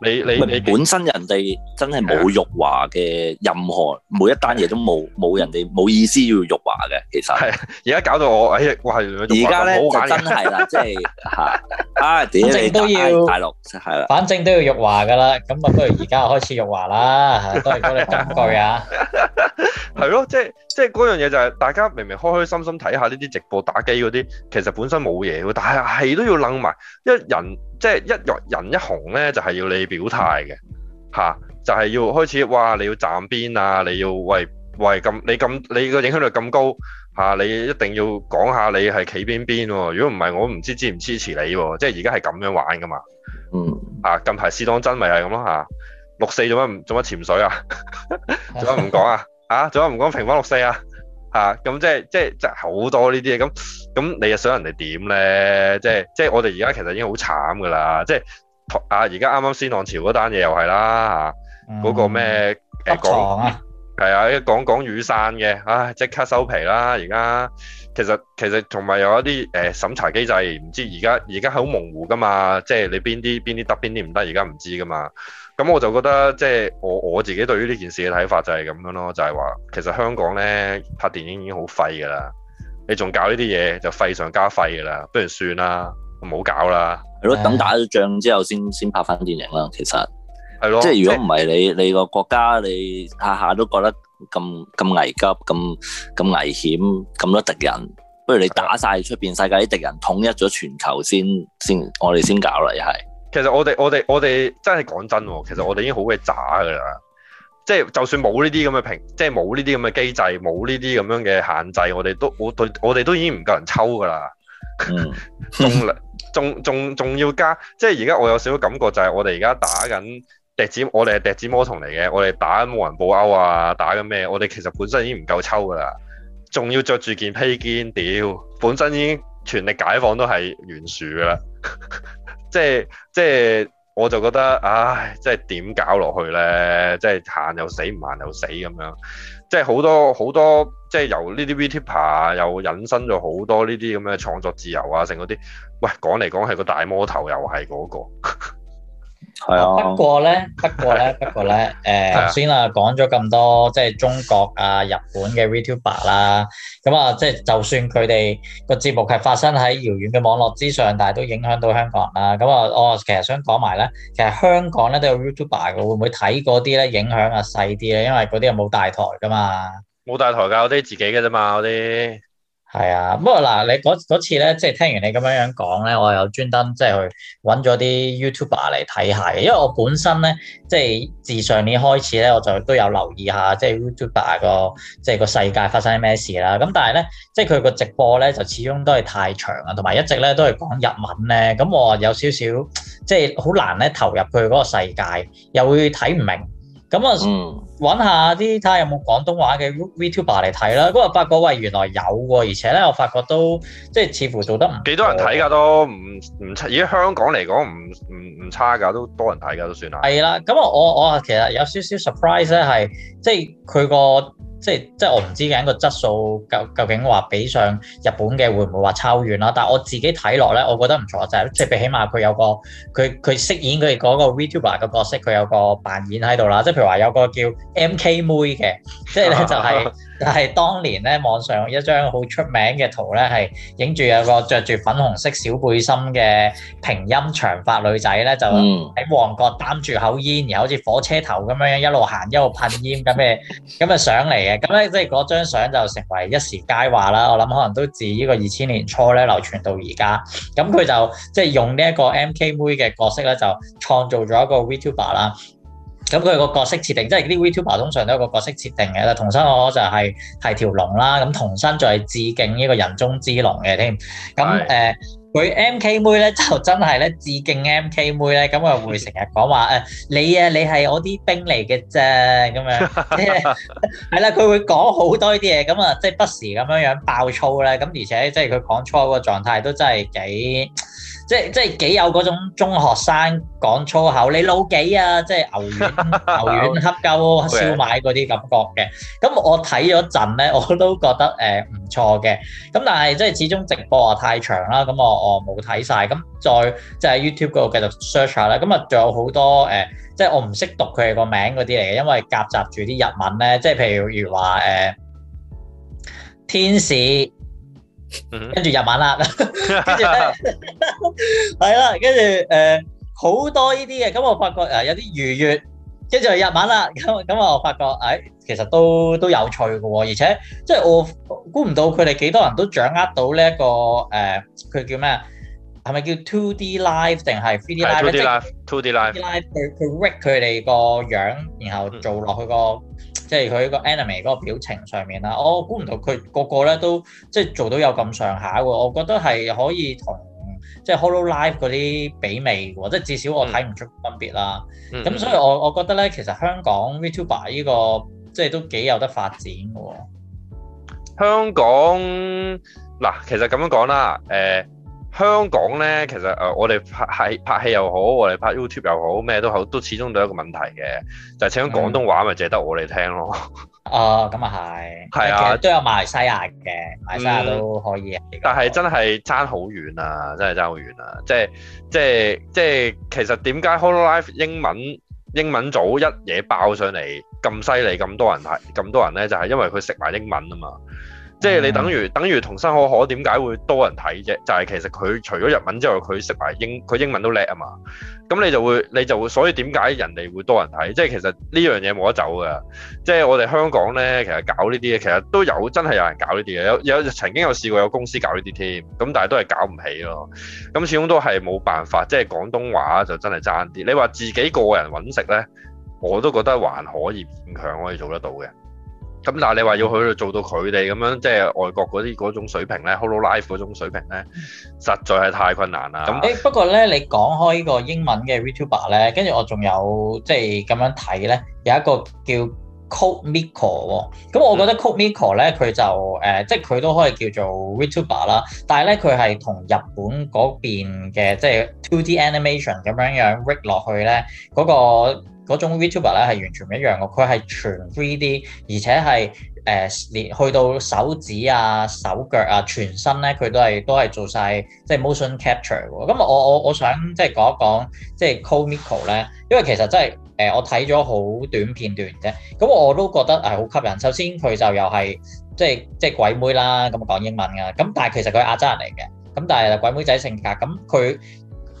你你本身人哋真係冇辱華嘅，任何每一單嘢都冇，冇人哋冇意思要辱華嘅，其實係而家搞到我，哎我係而家咧，真係啦，即係嚇啊，反正都要大陸係啦，反正都要辱華噶啦，咁啊，不如而家開始辱華啦，多謝多謝講句啊，係咯，即係即係嗰樣嘢就係大家明明開開心心睇下呢啲直播打機嗰啲，其實本身冇嘢，但係係都要愣埋，因為人。即係一若人一紅咧，就係、是、要你表態嘅嚇、啊，就係、是、要開始哇！你要站邊啊？你要喂為咁你咁你個影響力咁高嚇、啊，你一定要講下你係企邊邊喎、啊。如果唔係，我唔知支唔支持你喎、啊。即係而家係咁樣玩噶嘛。嗯、啊、嚇，近排試當真咪係咁咯嚇。六四做乜唔做乜潛水啊？做乜唔講啊？啊？做乜唔講平反六四啊？嚇、啊？咁即係即係即係好多呢啲嘢咁。咁你又想人哋點咧？即係即係我哋而家其實已經好慘噶、啊、啦！即係啊，而家啱啱先浪潮嗰單嘢又係啦嚇，嗰個咩誒講啊？係啊、嗯，一講講,講雨散雨傘嘅，唉即刻收皮啦！而家其實其實同埋有一啲誒、呃、審查機制，唔知而家而家係好模糊噶嘛？即係你邊啲邊啲得邊啲唔得，而家唔知噶嘛？咁我就覺得即係我我自己對於呢件事嘅睇法就係咁樣咯，就係、是、話其實香港咧拍電影已經好廢噶啦。你仲搞呢啲嘢就費上加費噶啦，不如算啦，唔好搞啦。係咯，等打咗仗之後先先拍返電影啦。其實係咯了，即係如果唔係你你個國家你下下都覺得咁咁危急咁咁危險咁多敵人，不如你打晒出面世界啲敵人，了統一咗全球先先我哋先搞啦，又係。其實我哋我哋我哋真係講真，其實我哋已經好鬼渣噶啦。即係就，就算冇呢啲咁嘅平，即係冇呢啲咁嘅機制，冇呢啲咁樣嘅限制，我哋都我對我哋都已經唔夠人抽噶啦。 仲仲仲仲要加，即係而家我有少少感覺就係我哋而家打緊笛子，我哋係笛子魔童嚟嘅，我哋打冇人布歐啊，打緊咩？我哋其實本身已經唔夠抽噶啦，仲要着住件披肩，屌，本身已經全力解放都係懸殊噶啦、 就是，即係即係。我就覺得，唉，即係點搞落去咧？即係行又死，唔行又死咁樣。即係好多好多，即係由呢啲 VTuber 又引申咗好多呢啲咁嘅創作自由啊，成嗰啲。喂，講嚟講去係個大魔頭，又係嗰、嗰個。 係一一對啊，不過咧，不過咧，不過咧，誒，頭先啊，講咗咁多，即、就、係、是、中國啊、日本嘅 Vtuber 啦，咁、嗯、啊，即係就算佢哋個節目係發生喺遙遠嘅網絡之上，但係都影響到香港人啦。咁啊，我其實我想講埋咧，其實香港咧都有 Vtuber 嘅，會唔會睇嗰啲咧影響啊細啲咧？因為嗰啲又冇大台噶嘛，冇大台噶，嗰啲自己嘅啫嘛，嗰啲。係啊，不過嗱，你嗰次咧，即係聽完你咁樣樣講咧，我又專登即係去揾咗啲 YouTuber 嚟睇下嘅，因為我本身咧，即係自上年開始咧，我就都有留意下即係 YouTuber 個即係個世界發生咩事啦。咁但係咧，即係佢個直播咧，就始終都係太長啦，同埋一直咧都係講日文咧，咁我有少少即係好難咧投入佢嗰個世界，又會睇唔明。咁啊，揾下啲睇下有冇廣東話嘅 Vtuber 嚟睇啦。不過發覺喂，原來有喎，而且咧我發覺都即係似乎做得唔幾多人睇㗎都，唔唔差。而家香港嚟講，唔唔唔差㗎，都多人睇㗎都算啦。係啦，咁啊我我其實有少少 surprise 咧，係即係佢個。即係即係我唔知嘅，個質素，究究竟話比上日本嘅會唔會話差遠啦？但係我自己睇落咧，我覺得唔錯，就係即係起碼佢有個佢佢飾演佢嗰個 Vtuber 嘅角色，佢有個扮演喺度啦。即係譬如話有個叫 MK 妹嘅，即係咧就係係係當年咧網上一張好出名嘅圖咧，係影住有個着住粉紅色小背心嘅平陰長髮女仔咧，就喺旺角擔住口煙，然後好似火車頭咁樣一路行一路噴煙咁嘅咁啊相嚟嘅。咁咧，即係嗰張相就成為一時佳話啦。我諗可能都自呢個二千年初咧流傳到而家。咁佢就即係用呢一個 MK 妹嘅角色咧，就創造咗一個 Vtuber 啦。咁佢個角色設定，即係啲 Vtuber 通常都有個角色設定嘅。桐生我就係係條龍啦。咁桐生就係致敬呢個人中之龍嘅添。咁誒。是呃佢 MK 妹咧，就真係咧致敬 MK 妹咧，咁啊會成日講話誒你啊，你係我啲兵嚟嘅啫咁樣，係啦，佢會講好多啲嘢，咁啊即係不時咁樣樣爆粗咧，咁而且即係佢講粗嗰個狀態都真係幾。即係即係幾有嗰種中學生講粗口，你老幾啊？即係牛丸、 牛丸黑膠、 燒賣嗰啲感覺嘅。咁我睇咗陣咧，我都覺得誒唔、呃、錯嘅。咁但係即係始終直播啊太長啦，咁我我冇睇晒。咁再就喺、係、YouTube 嗰度繼續 search 下咧。咁啊，仲有好多誒，即係我唔識讀佢哋個名嗰啲嚟嘅，因為夾雜住啲日文咧。即係譬如如話誒天使。跟住入晚啦，跟住咧，係啦，跟住誒好多呢啲嘅，咁我發覺啊、呃、有啲愉悅，跟住就入晚啦，咁咁我發覺誒、哎、其實都都有趣嘅、哦，而且即係我估唔到佢哋幾多人都掌握到呢、這、一個誒，佢、呃、叫咩啊？係咪叫 Two D Live 定係 Three D Live？Two D Live Two D Live，佢佢 rect 佢哋個樣，然後做落去、那個。嗯即係佢個 anime 嗰個表情上面啦，我估唔到佢個個咧都即係做到有咁上下喎，我覺得係可以同即係 Hololive 嗰啲比味喎，即係至少我睇唔出分別啦。咁、嗯嗯嗯、所以我我覺得咧，其實香港 Vtuber 呢、這個即係都幾有得發展嘅喎。香港嗱，其實咁樣講啦，誒、呃。香港咧，其實誒、呃，我哋拍，拍戲拍戲又好，我哋拍 YouTube 又好，咩都好，都始終都有一個問題嘅，就係、是、請廣東話咪借得我哋聽咯、嗯。哦，咁啊係，係 啊，都有馬來西亞嘅，馬來西亞都可以。但係真係爭好遠啊！真係爭好遠啊！即係即係即係，其實點解 Hololive 英文英文組一嘢爆上嚟咁犀利咁多人睇咁多人咧？就係、是、因為佢食埋英文啊嘛。即係你等於等於桐生可可點解會多人睇啫？就係其實佢除咗日文之外，佢識埋英佢英文都叻啊嘛。咁你就會你就會，所以點解人哋會多人睇？即係其實呢樣嘢冇得走噶。即係我哋香港咧，其實搞呢啲嘢，其實都有真係有人搞呢啲嘢。有有曾經有試過有公司搞呢啲添，咁但係都係搞唔起咯。咁始終都係冇辦法，即係廣東話就真係爭啲。你話自己個人揾食咧，我都覺得還可以勉強可以做得到嘅。咁但係你話要去到做到佢哋咁樣，即係外國嗰啲嗰種水平咧 Hololive 嗰種水平咧，實在係太困難啦。咁誒、欸、不過咧，你講開呢個英文嘅 VTuber 咧，跟住我仲有即係咁樣睇咧，有一個叫 Code Miko 喎、哦。咁、嗯、我覺得 Code Miko 咧，佢就誒、呃，即係佢都可以叫做 VTuber 啦。但係咧，佢係同日本嗰邊嘅即係 2D animation 咁樣這樣 rig 落去咧，嗰、那個。嗰種 Vtuber 咧係完全唔一樣嘅，佢係全 3D，而且係誒、呃、連去到手指啊、手腳啊、全身咧，佢都係都係做晒即係 motion capture 的的。咁我我我想即係講一講即係 Code Miko 咧，因為其實真係誒我睇咗好短片段啫，咁我都覺得係好吸引。首先佢就又係即係即係鬼妹啦，咁講英文㗎，咁但係其實佢亞洲人嚟嘅，咁但係鬼妹仔性格，咁佢。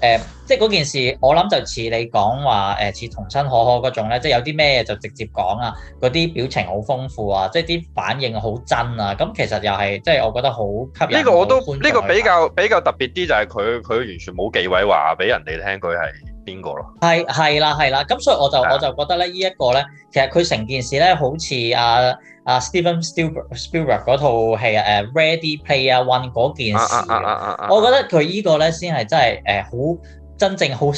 誒、呃，即係嗰件事，我諗就似你講話，誒、呃、似同真可可嗰種咧，即係有啲咩就直接講啊，嗰啲表情好豐富啊，即係啲反應好真啊，咁其實又係，即係我覺得好吸引。呢個我都呢個比較比較特別啲，就係佢佢完全冇忌諱話俾人哋聽，佢係。邊個咯？係係啦係啦，咁所以我就 Yeah. 我就覺得咧，依一個咧，其實佢成件事咧，好似阿阿 Steven Spielberg 嗰 Yeah. 套戲誒《Ready Player One》嗰件事，我覺得佢依個咧先係真係誒好。呃真正好又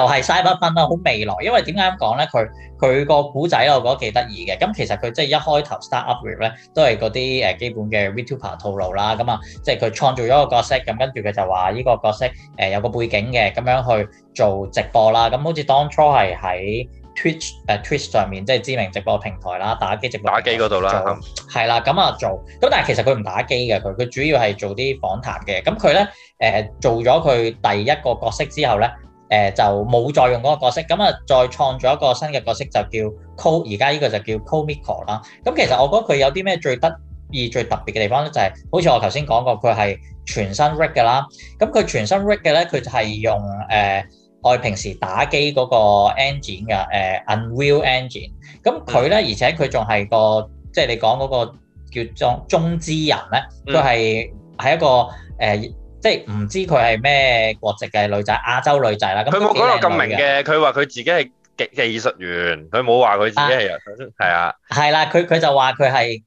係嘥不分啦，好未來，因為點解咁講呢？佢佢個古仔我覺得幾得意嘅。咁其實佢即係一開頭 start up 咧，都係嗰啲誒基本嘅 Vtuber 套路啦。咁啊，即係佢創造咗個角色，咁跟住佢就話呢個角色誒有個背景嘅，咁樣去做直播啦。咁好似當初係喺。Twitch 誒、uh, Twitch 上面即係知名直播平台啦，打機直播，打機嗰度啦，係啦，咁啊做，咁、嗯、但係其實佢唔打機嘅，佢佢主要係做啲訪談嘅。咁佢咧誒做咗佢第一個角色之後咧，誒、呃、就冇再用嗰個角色，咁啊再創造一個新嘅角色就叫 Code，而家呢個就叫 Code Miko 啦。咁其實我覺得佢有啲咩最得意、最特別嘅地方咧，就係、是、好似我頭先講過，佢係全新 rig 嘅啦。咁佢全新 rig 嘅咧，佢就係用誒。呃我哋平時打機嗰個 engine 嘅，誒 Unreal engine，咁佢咧，而且佢仲係個，即、就、係、是、你講嗰個叫中中之人咧，佢係係一個誒、呃，即係唔知佢係咩國籍嘅女仔，亞洲女仔啦。佢冇講到咁明嘅，佢話佢自己係技技術員，佢冇話佢自己係人，係啊。係啦，佢佢就話佢係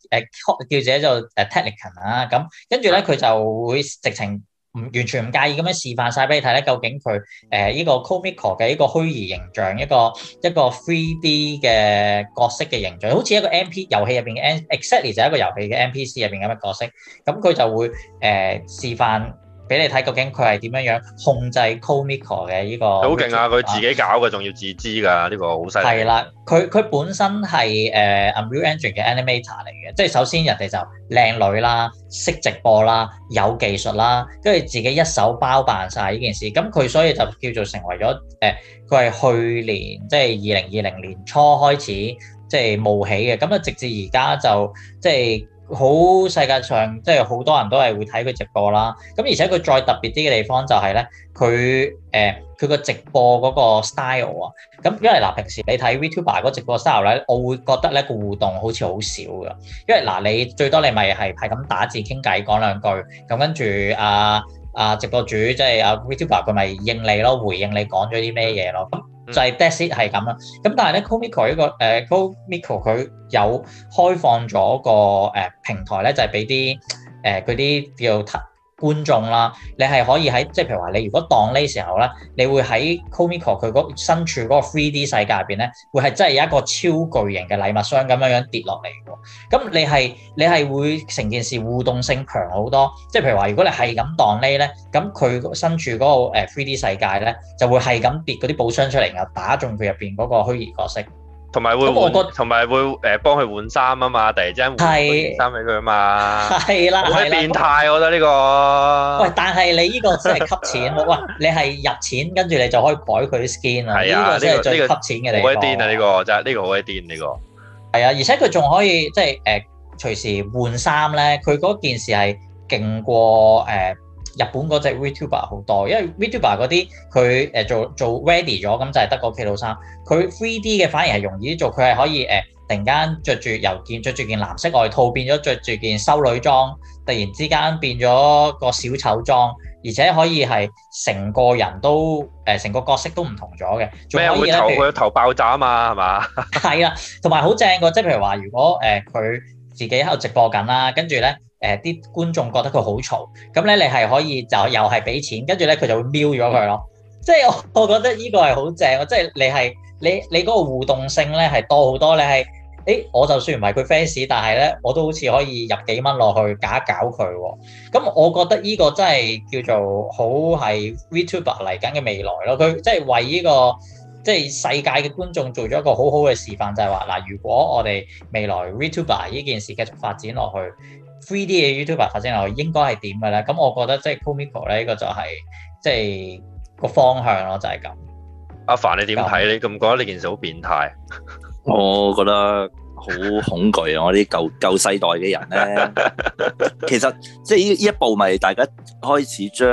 誒叫者做誒 technician 咁、啊、跟住咧佢就會直情。唔完全唔介意咁樣示範晒俾你睇咧，究竟佢誒依個 Code Miko 嘅依個虛擬形象，一個一個 three D 嘅角色嘅形象，好似一個 M P 遊戲入邊嘅 exactly 就係一個遊戲嘅 N P C 入邊咁嘅角色，咁佢就會誒、呃、示範。俾你睇究竟佢係點樣樣控制 Code Miko 嘅呢個？好勁啊！佢 自己搞嘅，仲要自知㗎，呢、呢個好犀利。係啦，佢佢本身係誒、uh, AmuEngine 嘅 Animator 嚟嘅，即係首先人哋就靚女啦，識直播啦，有技術啦，跟住自己一手包辦晒呢件事。咁佢所以就叫做成為咗誒，佢、呃、係去年即係二零二零年初開始即係、即係、冒起嘅，咁啊直至而家就即係。即係好，世界上即係好多人都係會睇佢直播啦。咁而且佢再特別啲嘅地方就係咧，佢誒佢個直播嗰個 style 啊。咁因為嗱、呃，平時你睇 Vtuber 嗰直播 style 咧，我會覺得咧個互動好似好少㗎。因為嗱、呃，你最多你咪係係咁打字傾偈講兩句，咁跟住啊啊直播主即係、就是、啊 Vtuber 佢咪應你咯，回應你講咗啲咩嘢咯。就係 data e 係咁啦，咁但係咧，Code Miko 呢個誒 Code Miko、呃、佢有開放咗個誒、呃、平台咧，就係俾啲誒佢啲叫騰。觀眾啦，你係可以喺即係譬如話，你如果擋呢時候咧，你會喺 Code Miko 佢嗰身處嗰個 3D 世界入邊咧，會係真係一個超巨型嘅禮物箱咁樣樣跌落嚟嘅。咁你係你係會成件事互動性強好多。即係譬如話，如果你係咁擋呢咧，咁佢身處嗰個誒 3D 世界咧，就會係咁跌嗰啲寶箱出嚟，又打中佢入邊嗰個虛擬角色。同埋會換，同埋會誒幫佢換衫啊嘛！突然之間換衫俾佢啊嘛，係啦，好變態！我覺得呢個。喂，但係你呢個先係吸錢，哇！你係入錢，跟住你就可以改佢啲 skin 啊！係啊，呢個先係最吸錢嘅地方。好鬼癲啊！呢個真係，呢個好鬼癲呢個。係啊，而且佢仲可以即係誒隨時換衫咧，佢嗰件事係勁過誒。日本嗰隻 Vtuber 好多，因為 Vtuber 嗰啲佢誒做做 ready 咗，咁就係得個戲路衫。佢 3D 嘅反而係容易做，佢係可以誒、呃、突然間着住由件着住件藍色外套變咗着住件修女裝，突然之間變咗個小丑裝，而且可以係成個人都誒成、呃、個角色都唔同咗嘅。咩會頭佢頭爆炸啊嘛係嘛？係啊， 同埋好正㗎，即係譬如話，如果誒佢自己喺度直播緊啦，跟住咧。誒啲觀眾覺得佢好嘈，咁咧你係可以就又係俾錢，跟住咧佢就會瞄咗佢咯。即係我我覺得呢個係好正，即係你係你你嗰個互動性咧係多好多。你係誒我就算唔係佢 fans，但係咧我都好似可以入幾蚊落去搞一搞佢喎。咁我覺得呢個真係叫做好係 Vtuber 嚟緊嘅未來咯。佢、這個、即係為呢個即係世界嘅觀眾做咗一個好好嘅示範，就係話嗱，如果我哋未來 Vtuber 呢件事繼續發展落去。3D 嘅 YouTuber 發聲後應該係點嘅咧？咁我覺得即係 Code Miko 呢、這個就係、是、即係個方向咯，就係、是、咁。阿凡你點睇？你咁覺得你件事好變態。 我覺得好恐懼啊！我啲舊舊世代嘅人咧， 其實即係呢依一步咪大家開始將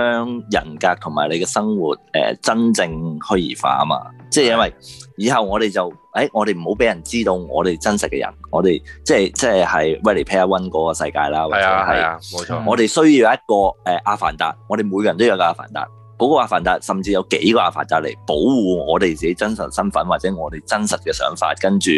人格同埋你嘅生活誒、呃、真正虛擬化啊嘛！的即係因為以後我哋就。誒、哎，我哋唔好俾人知道我哋真實嘅人，我哋即係即係係《Ready Player One》嗰個世界啦，或者係冇錯，係啊、係啊、冇錯我哋需要一個誒、呃、阿凡達，我哋每個人都有個阿凡達。嗰個阿凡達，甚至有幾個阿凡達，嚟保護我哋自己真實身份，或者我哋真實嘅想法，跟住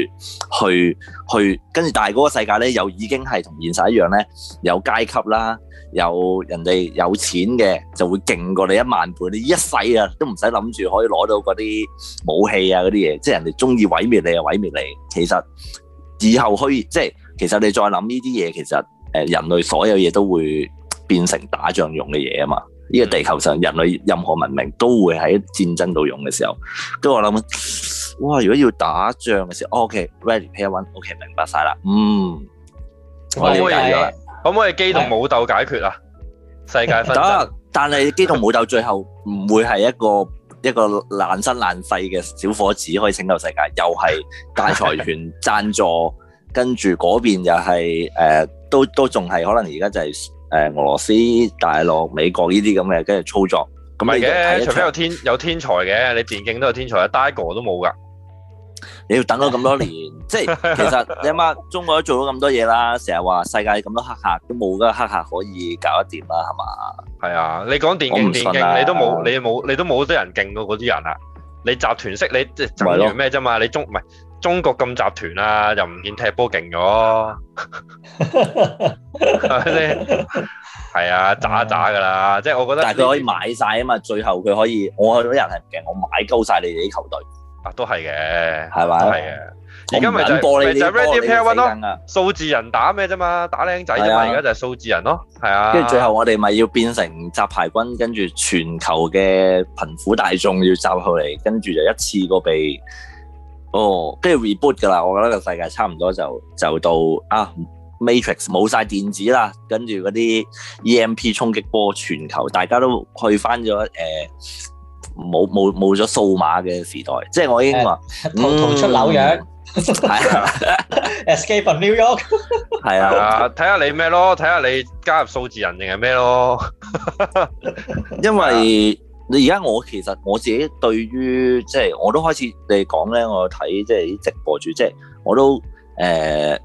去去跟住，但係嗰個世界咧又已經係同現實一樣咧，有階級啦，有人哋有錢嘅就會勁過你一萬倍，你一世啊都唔使諗住可以攞到嗰啲武器啊嗰啲嘢，即係人哋鍾意毀滅你啊毀滅你。其實以後可以即係，其實你再諗呢啲嘢，其實誒人類所有嘢都會變成打仗用嘅嘢啊嘛～呢個地球上人類任何文明都會喺戰爭度用嘅時候，跟住我諗，哇！如果要打仗嘅時候，OK、Ready player one，OK，明白晒啦。嗯，可唔可以？可唔可以機動武鬥解決啊？是世界紛爭， 但係機動武鬥最後唔會係一個 一個爛身爛世嘅小伙子可以拯救世界，又係大財團贊助， 跟住嗰邊又係、呃、都都仲係可能而家就係、是。誒，俄羅斯、大陸、美國呢啲咁嘅，跟住操作咁係除非有天有天才嘅，你電競都有天才啊，Diego 都冇噶，你要等咗咁多年， 即係其實你阿媽中國都做咗咁多嘢啦，成日話世界咁多黑客，都冇嗰個黑客可以搞一掂啦，係嘛？係啊，你講電競電競，你都冇，你冇，你都冇啲人勁過嗰啲人啊，你集團式，你即係咩啫嘛？你中唔係？中國咁集團啦、啊，又唔見踢波勁咗，係 啊，渣一渣噶啦，嗯、即係我覺得。但係佢可以買晒啊嘛，最後佢可以，我嗰人係唔勁，嗯、我買高晒你哋啲球隊。啊，都係嘅，係嘛吧，都係嘅。而家咪就係玻璃啲，咪就係 Ready Player One 咯。數字人打咩啫嘛？打僆仔啫嘛！而家、啊、就係數字人咯，係啊。跟住最後我哋咪要變成雜牌軍，跟住全球嘅貧苦大眾要集後嚟，跟住就一次過被。哦，跟住 reboot 㗎喇，我覺得個世界差唔多就就到啊 Matrix，冇晒電子啦，跟住嗰啲 EMP 衝擊波全球，大家都去翻咗誒冇冇冇咗數碼嘅時代，即係我已經話逃出紐約，Escape from New York，係啊，睇下你咩咯，睇下你加入數字人定係咩咯，因為。你而家我其實我自己對於即係我都開始你講咧，我睇即係啲直播主，即係我都誒、呃，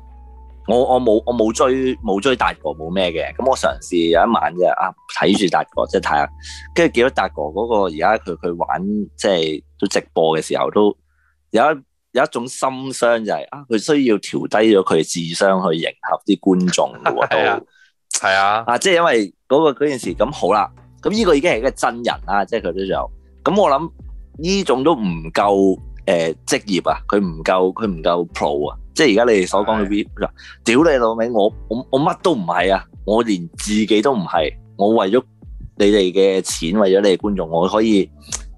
我我冇我冇追冇追達哥冇咩嘅。咁我嘗試有一晚嘅啊，睇住達哥即係睇下，跟住見到達哥嗰個而家佢佢玩即係都直播嘅時候，都有一有一種心傷就係、是、啊，佢需要調低咗佢嘅智商去迎合啲觀眾嘅喎，都係 啊啊，啊，即係因為嗰、那個嗰件事咁好啦。咁呢、嗯呢個已經係一個真人啦，即係佢都有。咁、嗯、我諗呢種都唔夠誒職業啊，佢唔夠佢唔夠 pro 啊。即係而家你哋所講嘅 V，嗱，屌你老味，我我我乜都唔係啊，我連自己都唔係，我為咗你哋嘅錢，為咗你哋觀眾，我可以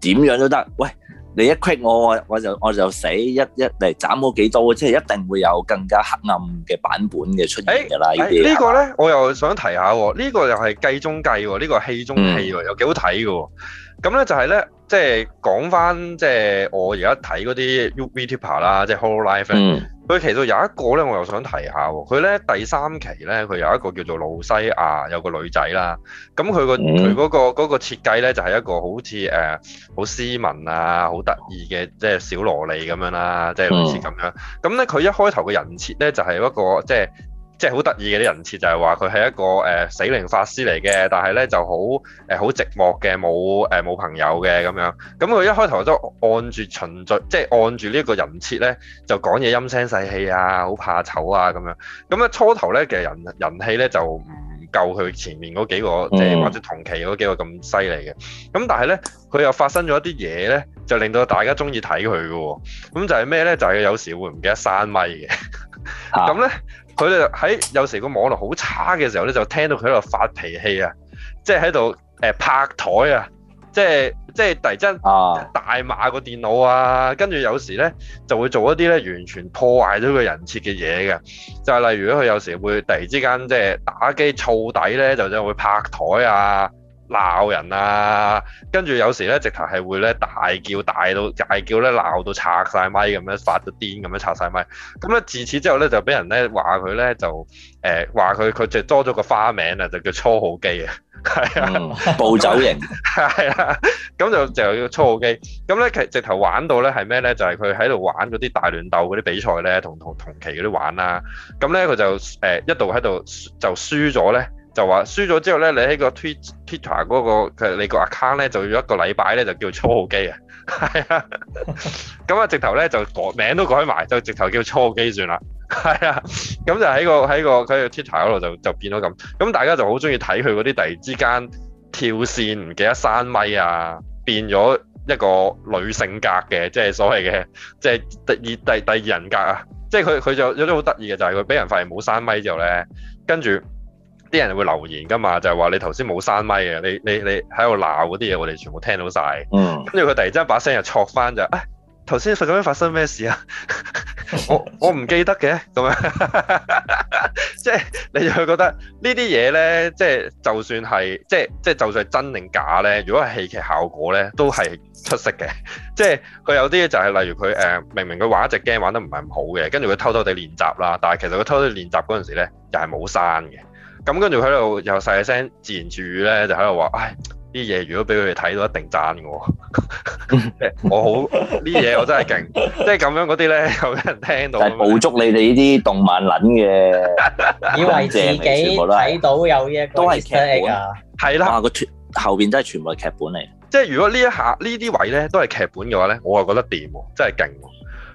點樣都得。喂！你一 quick 我，我就我就死一一嚟斬我幾刀，即係一定會有更加黑暗嘅版本嘅出現㗎啦。呢啲呢咧，我又想提下喎。呢、這個又係計中計喎，這個戲戲嗯、呢個戲中戲喎，又幾好睇嘅。咁咧就係、是、咧，即係講翻即係我而家睇嗰啲 VTuber 啦，即係 Hololive、嗯。佢其實有一個咧，我又想提下喎。佢咧第三期咧，佢有一個叫做露西亞，有個女仔啦。咁佢個佢嗰個嗰個設計咧，就係一個好似誒好斯文啊，好得意嘅即係小蘿莉咁樣啦，即係類似咁樣。咁咧佢一開頭嘅人設咧，就係一個即係。就是即係好得意嘅啲人設就係話佢係一個誒、呃、死靈法師嚟嘅，但係咧就好誒好寂寞嘅，冇誒冇朋友嘅咁樣。咁佢一開頭都按住循序，即係按住呢一個人設咧，就講嘢陰聲細氣啊，好怕醜啊咁樣。咁咧初頭咧其實人人氣咧就唔夠佢前面嗰幾個誒或者同期嗰幾個咁犀利嘅。咁但係咧佢又發生咗一啲嘢咧，就令到大家中意睇佢嘅。咁就係咩咧？就係、是、有時會唔記得閂咪嘅。咁咧。啊佢哋喺有時個網絡好差嘅時候咧，就聽到佢喺度發脾氣啊，即係喺度誒拍台啊，即係即係突然之間大罵個電腦啊，跟住有時咧就會做一啲咧完全破壞咗個人設嘅嘢嘅，就係例如咧佢有時會突然之間即係打機燥底咧，就就會拍台啊。鬧人啊！跟住有時咧，直頭係會咧大叫大到大叫咧鬧到拆晒咪咁樣，發咗癲咁樣拆晒咪。咁啊自此之後咧，就俾人咧話佢咧就誒話佢佢就多咗個花名啊、嗯、 啊，就叫初號機啊，係啊，暴走型係啦。咁就就叫初號機。咁咧其直頭玩到咧係咩咧？就係佢喺度玩嗰啲大亂鬥嗰啲比賽咧，同同同期嗰啲玩啦。咁咧佢就誒、呃、一度喺度就輸咗咧。就話輸咗之後咧，你喺個 Twitter 嗰、那個佢你個 account 咧，就要一個禮拜咧就叫初號機啊，係啊，咁啊、 嗯、直頭咧就改名都改埋，就直頭叫初號機算啦，係啊，咁、嗯、就喺、那個喺、那個喺個 Twitter 嗰度就就變咗咁，咁、嗯、大家就好中意睇佢嗰啲突然之間跳線唔記得閂咪啊，變咗一個女性格嘅，即係所謂嘅即係第二第第二人格啊，即係佢佢就，就有啲好得意嘅就係佢俾人發現冇閂咪之後咧，跟住。啲人會留言㗎嘛，就係、是、話你頭先冇刪咪嘅，你你你喺度鬧嗰啲嘢，我哋全部聽到晒。嗯、跟住佢突然之間把聲又錯翻就啊，頭先發咁樣發生咩事啊？ 我我唔記得嘅咁樣，即 係、 就是、你就又覺得呢啲嘢呢，即、就、係、是、就算係即係即係就算係真定假呢，如果係戲劇效果呢，都係出色嘅。即係佢有啲咧就係、是、例如佢誒、呃，明明佢玩一隻 game 玩得唔係唔好嘅，跟住佢偷偷地練習啦，但係其實佢偷偷練習嗰陣時咧又係冇刪嘅。咁跟住喺度又細聲自然注語自言自語咧，就喺度話，唉，啲嘢如果俾佢哋睇到，一定讚我。 我好啲嘢，我真係勁， 即係咁樣嗰啲咧，有人聽到。捕捉你哋呢啲動漫撚嘅， 以為自己睇到有嘢，都係劇本。係啦的，個後邊真係全部係劇本嚟。即係如果呢一下、那個、呢啲位咧都係劇本嘅話咧，我係覺得掂喎，真係勁。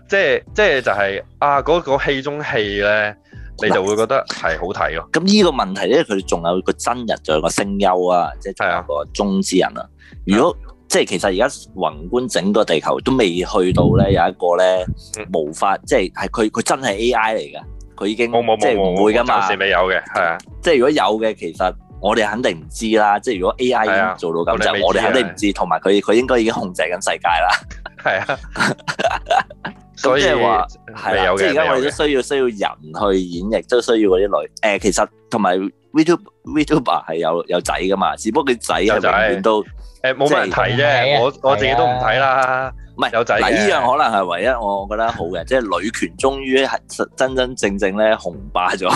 即係即係就係啊嗰個戲中戲咧。呢那個呢呢呢你就會覺得係好睇咯。咁呢個問題咧，佢仲有個真人，仲有個聲優啊，即係一個中之人啊。如果的即係其實而家宏觀整個地球都未去到咧，有一個咧無法、嗯、即係係佢佢真係 AI 嚟嘅，佢已經即係唔會噶嘛。暫時未有嘅，係啊。即係如果有嘅，其實。我哋肯定唔知啦，即係如果 AI 做到咁，啊，就，我哋肯定唔知，同埋佢佢應該已經控制緊世界啦。係啊，咁即係話係即係而家我哋都需要需要人去演繹，都需要嗰啲類誒，其實同埋。Vtuber 係有有仔噶嘛？只不過佢仔永啊永都誒冇乜人睇啫。我我自己都唔睇啦。唔係、啊、有仔呢樣可能係唯一我覺得好嘅，即係 女權終於係真真正正咧紅霸咗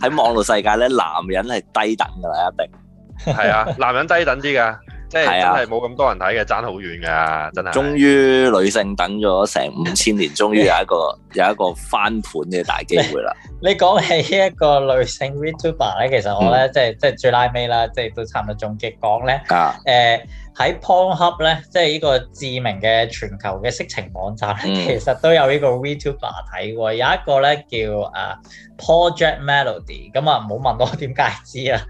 喺 網絡世界咧，男人係低等嘅啦，一定係啊，男人低等啲噶。即係係真係冇咁多人睇嘅，差好遠噶，真係。終於女性等咗成五千年，終於有一個 有一個翻盤嘅大機會啦。你講起一個女性 Vtuber 咧，其實我咧、嗯、即係即係最拉尾啦，即係都差唔多總結講咧。啊，誒、呃。喺 PornHub 咧，ub，即係呢個知名嘅全球嘅色情網站咧，其實都有呢個 Vtuber 睇喎。有一個咧叫啊 Project Melody，咁啊唔好問我點解知啊。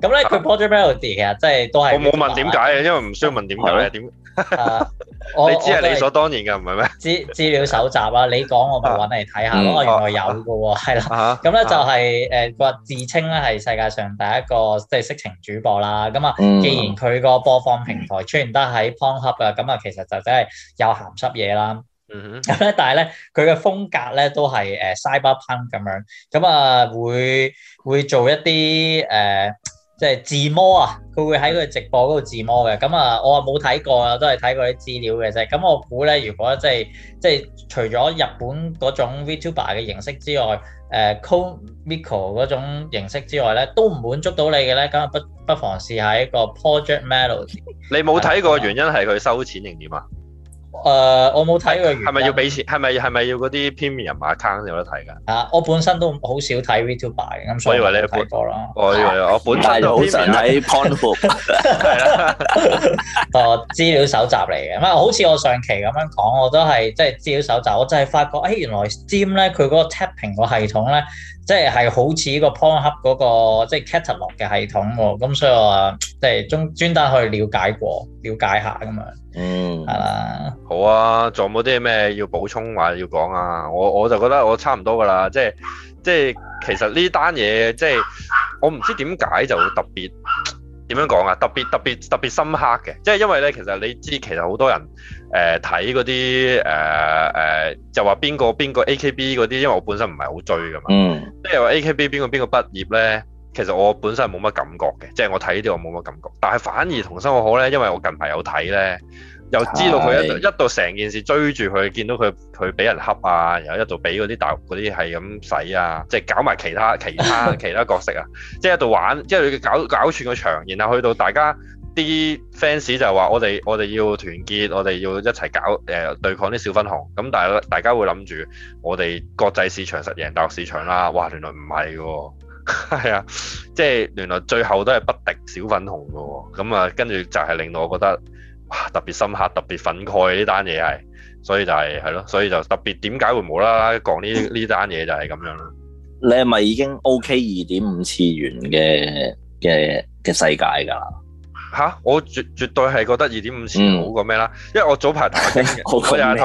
咁 咧佢 Project Melody 其實即係都係我冇問點解啊，因為唔需要問點解咧。 啊！我知係理所當然嘅唔係咩？資資料搜集啦，你講我咪搵嚟睇下咯。原來有嘅喎，係啦。咁咧就係誒，佢話自稱咧係世界上第一個即係色情主播啦。咁啊，既然佢個播放平台出現得喺 Pornhub 啊，咁啊，其實就真係有咸濕嘢啦。咁咧，但係咧，佢嘅風格咧都係誒，cyberpunk 咁樣。咁啊，會會做一啲誒。即係自摸啊！佢會喺佢直播嗰度自摸嘅。咁啊，我啊冇睇過啊，都係睇過啲資料嘅啫。咁我估咧，如果即係即係除咗日本嗰種 Vtuber 嘅形式之外，誒、呃、Code Miko 嗰種形式之外咧，都唔滿足到你嘅咧，咁不不，不妨試下一個 Project Melody。你冇睇過原因係佢收錢定點啊？誒、呃，我冇睇個。係咪要俾錢？係咪係咪要嗰啲 Premium Account 有得睇㗎？啊，我本身都好少睇 Vtuber 嘅，咁所以以為你睇過啦。我以為、啊、我本身就好少睇 Pornhub，係啦，個資料搜集嚟嘅。唔係，好似我上期咁樣講，我都係即係資料搜集。我真係發覺，哎，原來 Zoom 咧，佢嗰個 tapping 個系統咧。即係係好似個 pornhub 嗰、那個即係 catalog 嘅系統喎，咁所以我即係專專登去了解過，了解下咁樣。嗯，係啊。好啊，仲有冇啲咩要補充話、啊、要講啊？我我就覺得我差唔多噶啦，即係即係其實呢單嘢即係我唔知點解就會特別。點樣講啊？特別特別特別深刻嘅，即係因為咧，其實你知，其實好多人誒睇嗰啲誒誒，就話邊個邊個 AKB 嗰啲，因為我本身唔係好追㗎嘛，嗯，即係話 AKB 邊個邊個畢業咧，其實我本身係冇乜感覺嘅，即係我睇呢啲我冇乜感覺，但係反而桐生可可咧，因為我近排有睇咧。又知道佢一到一到成件事追住佢，見到佢佢俾人恰啊，然後一到俾嗰啲大陸嗰啲係咁使啊，即係搞埋其他其他其他角色啊， 即係一度玩，即係佢搞搞串個場，然後去到大家啲 fans 就話：我哋我哋要團結，我哋要一齊搞誒、呃、對抗啲小粉紅。咁但係大家會諗住我哋國際市場實贏大陸市場啦。哇！原來唔係喎，係啊，即係原來最後都係不敵小粉紅嘅喎、哦。咁啊，跟住就係令到我覺得。特別深刻、特別憤慨呢單嘢係，所以就係係咯，所以就特別點解會冇啦啦講呢呢單嘢就係咁樣咯。你係咪已經 OK 二點五次元嘅嘅嘅世界噶？吓、啊，我絕絕對係覺得二點五次元好過咩啦，嗯、因為我早排同阿京，又係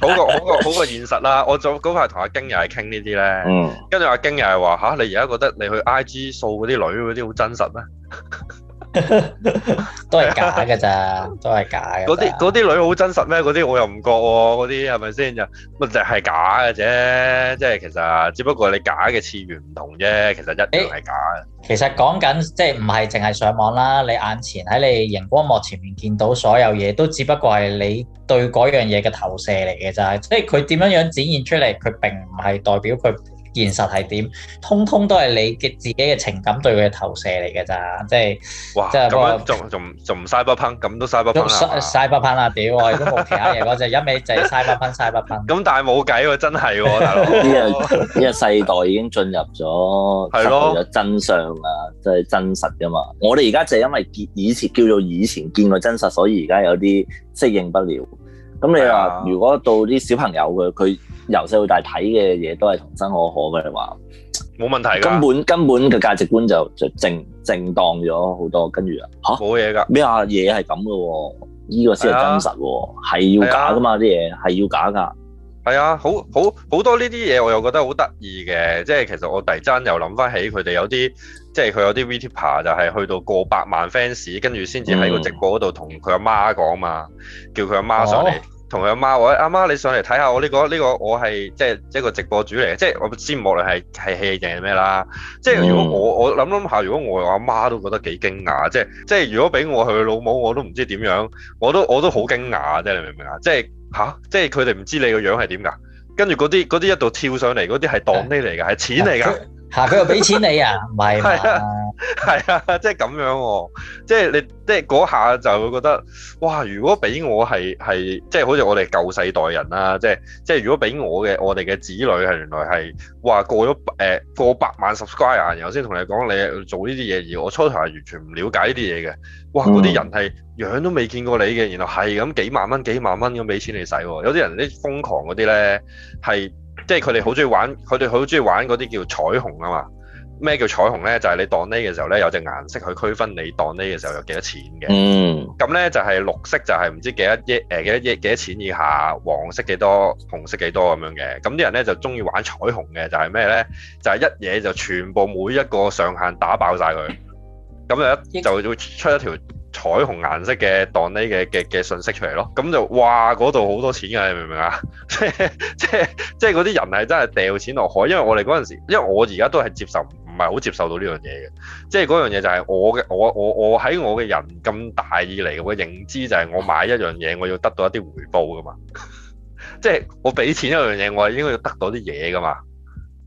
同好過好過好過現實啦。我早排同阿京又係傾呢啲咧，跟住阿京又係話吓，你而家覺得你去 IG 掃嗰啲女嗰啲好真實咩？ 都係假嘅咋，都係假嘅。嗰啲嗰啲女好真實咩？嗰啲我又唔覺喎、哦，嗰啲係咪先？就咪就係假嘅啫，即係其實只不過你假嘅次元唔同啫，其實一定係假嘅、欸。其實講緊即係唔係淨係上網啦，你眼前喺你熒光幕前面見到所有嘢，都只不過係你對嗰樣嘢嘅投射嚟嘅咋，即係佢點樣樣展現出嚟，佢並唔係代表佢。現實係點？通通都係你嘅自己嘅情感對佢嘅投射嚟㗎咋，即係哇，即係咁樣仲仲仲唔嘥不烹，咁都嘥不烹啦，嘥不烹啦，屌啊！ 而家冇其他嘢，我就一味就係嘥不烹嘥不烹。咁但係冇計喎，真係、哦，呢個呢個世代已經進入咗係咯真相啊，即係、UH! 去真實㗎嘛。我哋而家就因為以前叫做以前見過真實，所以而家有啲適應不了。咁你話，如果到啲小朋友嘅，佢由細到大睇嘅嘢都係桐生可可嘅話，冇問題根。根本根本嘅價值觀就就正正當咗好多。跟住啊，嚇，冇嘢㗎咩啊，嘢係咁嘅喎，依、呢個先係真實喎，係、啊、要假㗎嘛，啲嘢係要假㗎。係啊，好好好多呢啲嘢，我又覺得好得意嘅。即係其實我突然間又諗翻起佢哋有啲。即係佢有啲 Vtuber 就係去到過百萬 fans，跟住先至喺個直播嗰度同佢阿媽講嘛，叫佢阿媽，媽上嚟，同佢阿媽，我阿媽你上嚟睇下我呢個呢個，這個、我係即係即係個直播主嚟嘅，即係我先知莫無論你係係戲定咩啦。即係如果我我諗諗下，如果我阿媽，媽都覺得幾驚訝，即係即係如果俾我去老母，我都唔知點樣，我都我都好驚訝啫，你明唔明啊？即係嚇，即係佢哋唔知你個樣係點㗎？跟住嗰啲啲一度跳上嚟嗰啲係黨呢嚟㗎，係、欸、錢嚟㗎。 吓佢、啊、又俾錢你啊？唔係，係 啊，係啊，即係咁樣、啊，即、就、係、是、你，即係嗰下就會覺得，哇！如果俾我係係，即係、就是、好似我哋舊世代人啦、啊，即係即係如果俾我嘅我哋嘅子女係原來係，哇！過咗誒、呃、過百萬 subscribe 然後先同你講，你做呢啲嘢，而我初頭係完全唔了解呢啲嘢嘅，哇！嗰啲人係樣都未見過你嘅，然後係咁幾萬蚊幾萬蚊咁俾錢你使、啊，有啲人啲瘋狂嗰啲咧係。即係佢哋好中意玩，佢哋好中意玩嗰啲叫彩虹啊嘛。咩叫彩虹咧？就係、是、你當呢嘅時候咧，有隻顏色去區分你當呢嘅時候有幾多錢嘅。嗯，咁咧就係、是、綠色就係唔知幾多億，誒、呃、幾多億幾多錢以下，黃色幾多，紅色幾多咁樣嘅。咁啲人咧就中意玩彩虹嘅，就係咩咧？就係、是、一嘢就全部每一個上限打爆晒佢。咁樣、嗯、就會出一條彩虹顏色嘅當啲嘅嘅嘅信息出嚟咯，咁就哇嗰度好多錢㗎，你明唔明啊？即係即係即係嗰啲人係真係掉錢落海，因為我哋嗰陣時，因為我而家都係接受唔係好接受到呢樣嘢嘅，即係嗰樣嘢就係我嘅我我我喺我嘅人咁大以嚟嘅，我認知就係我買一樣嘢，我要得到一啲回報㗎嘛，即係我俾錢一樣嘢，我應該要得到啲嘢㗎嘛，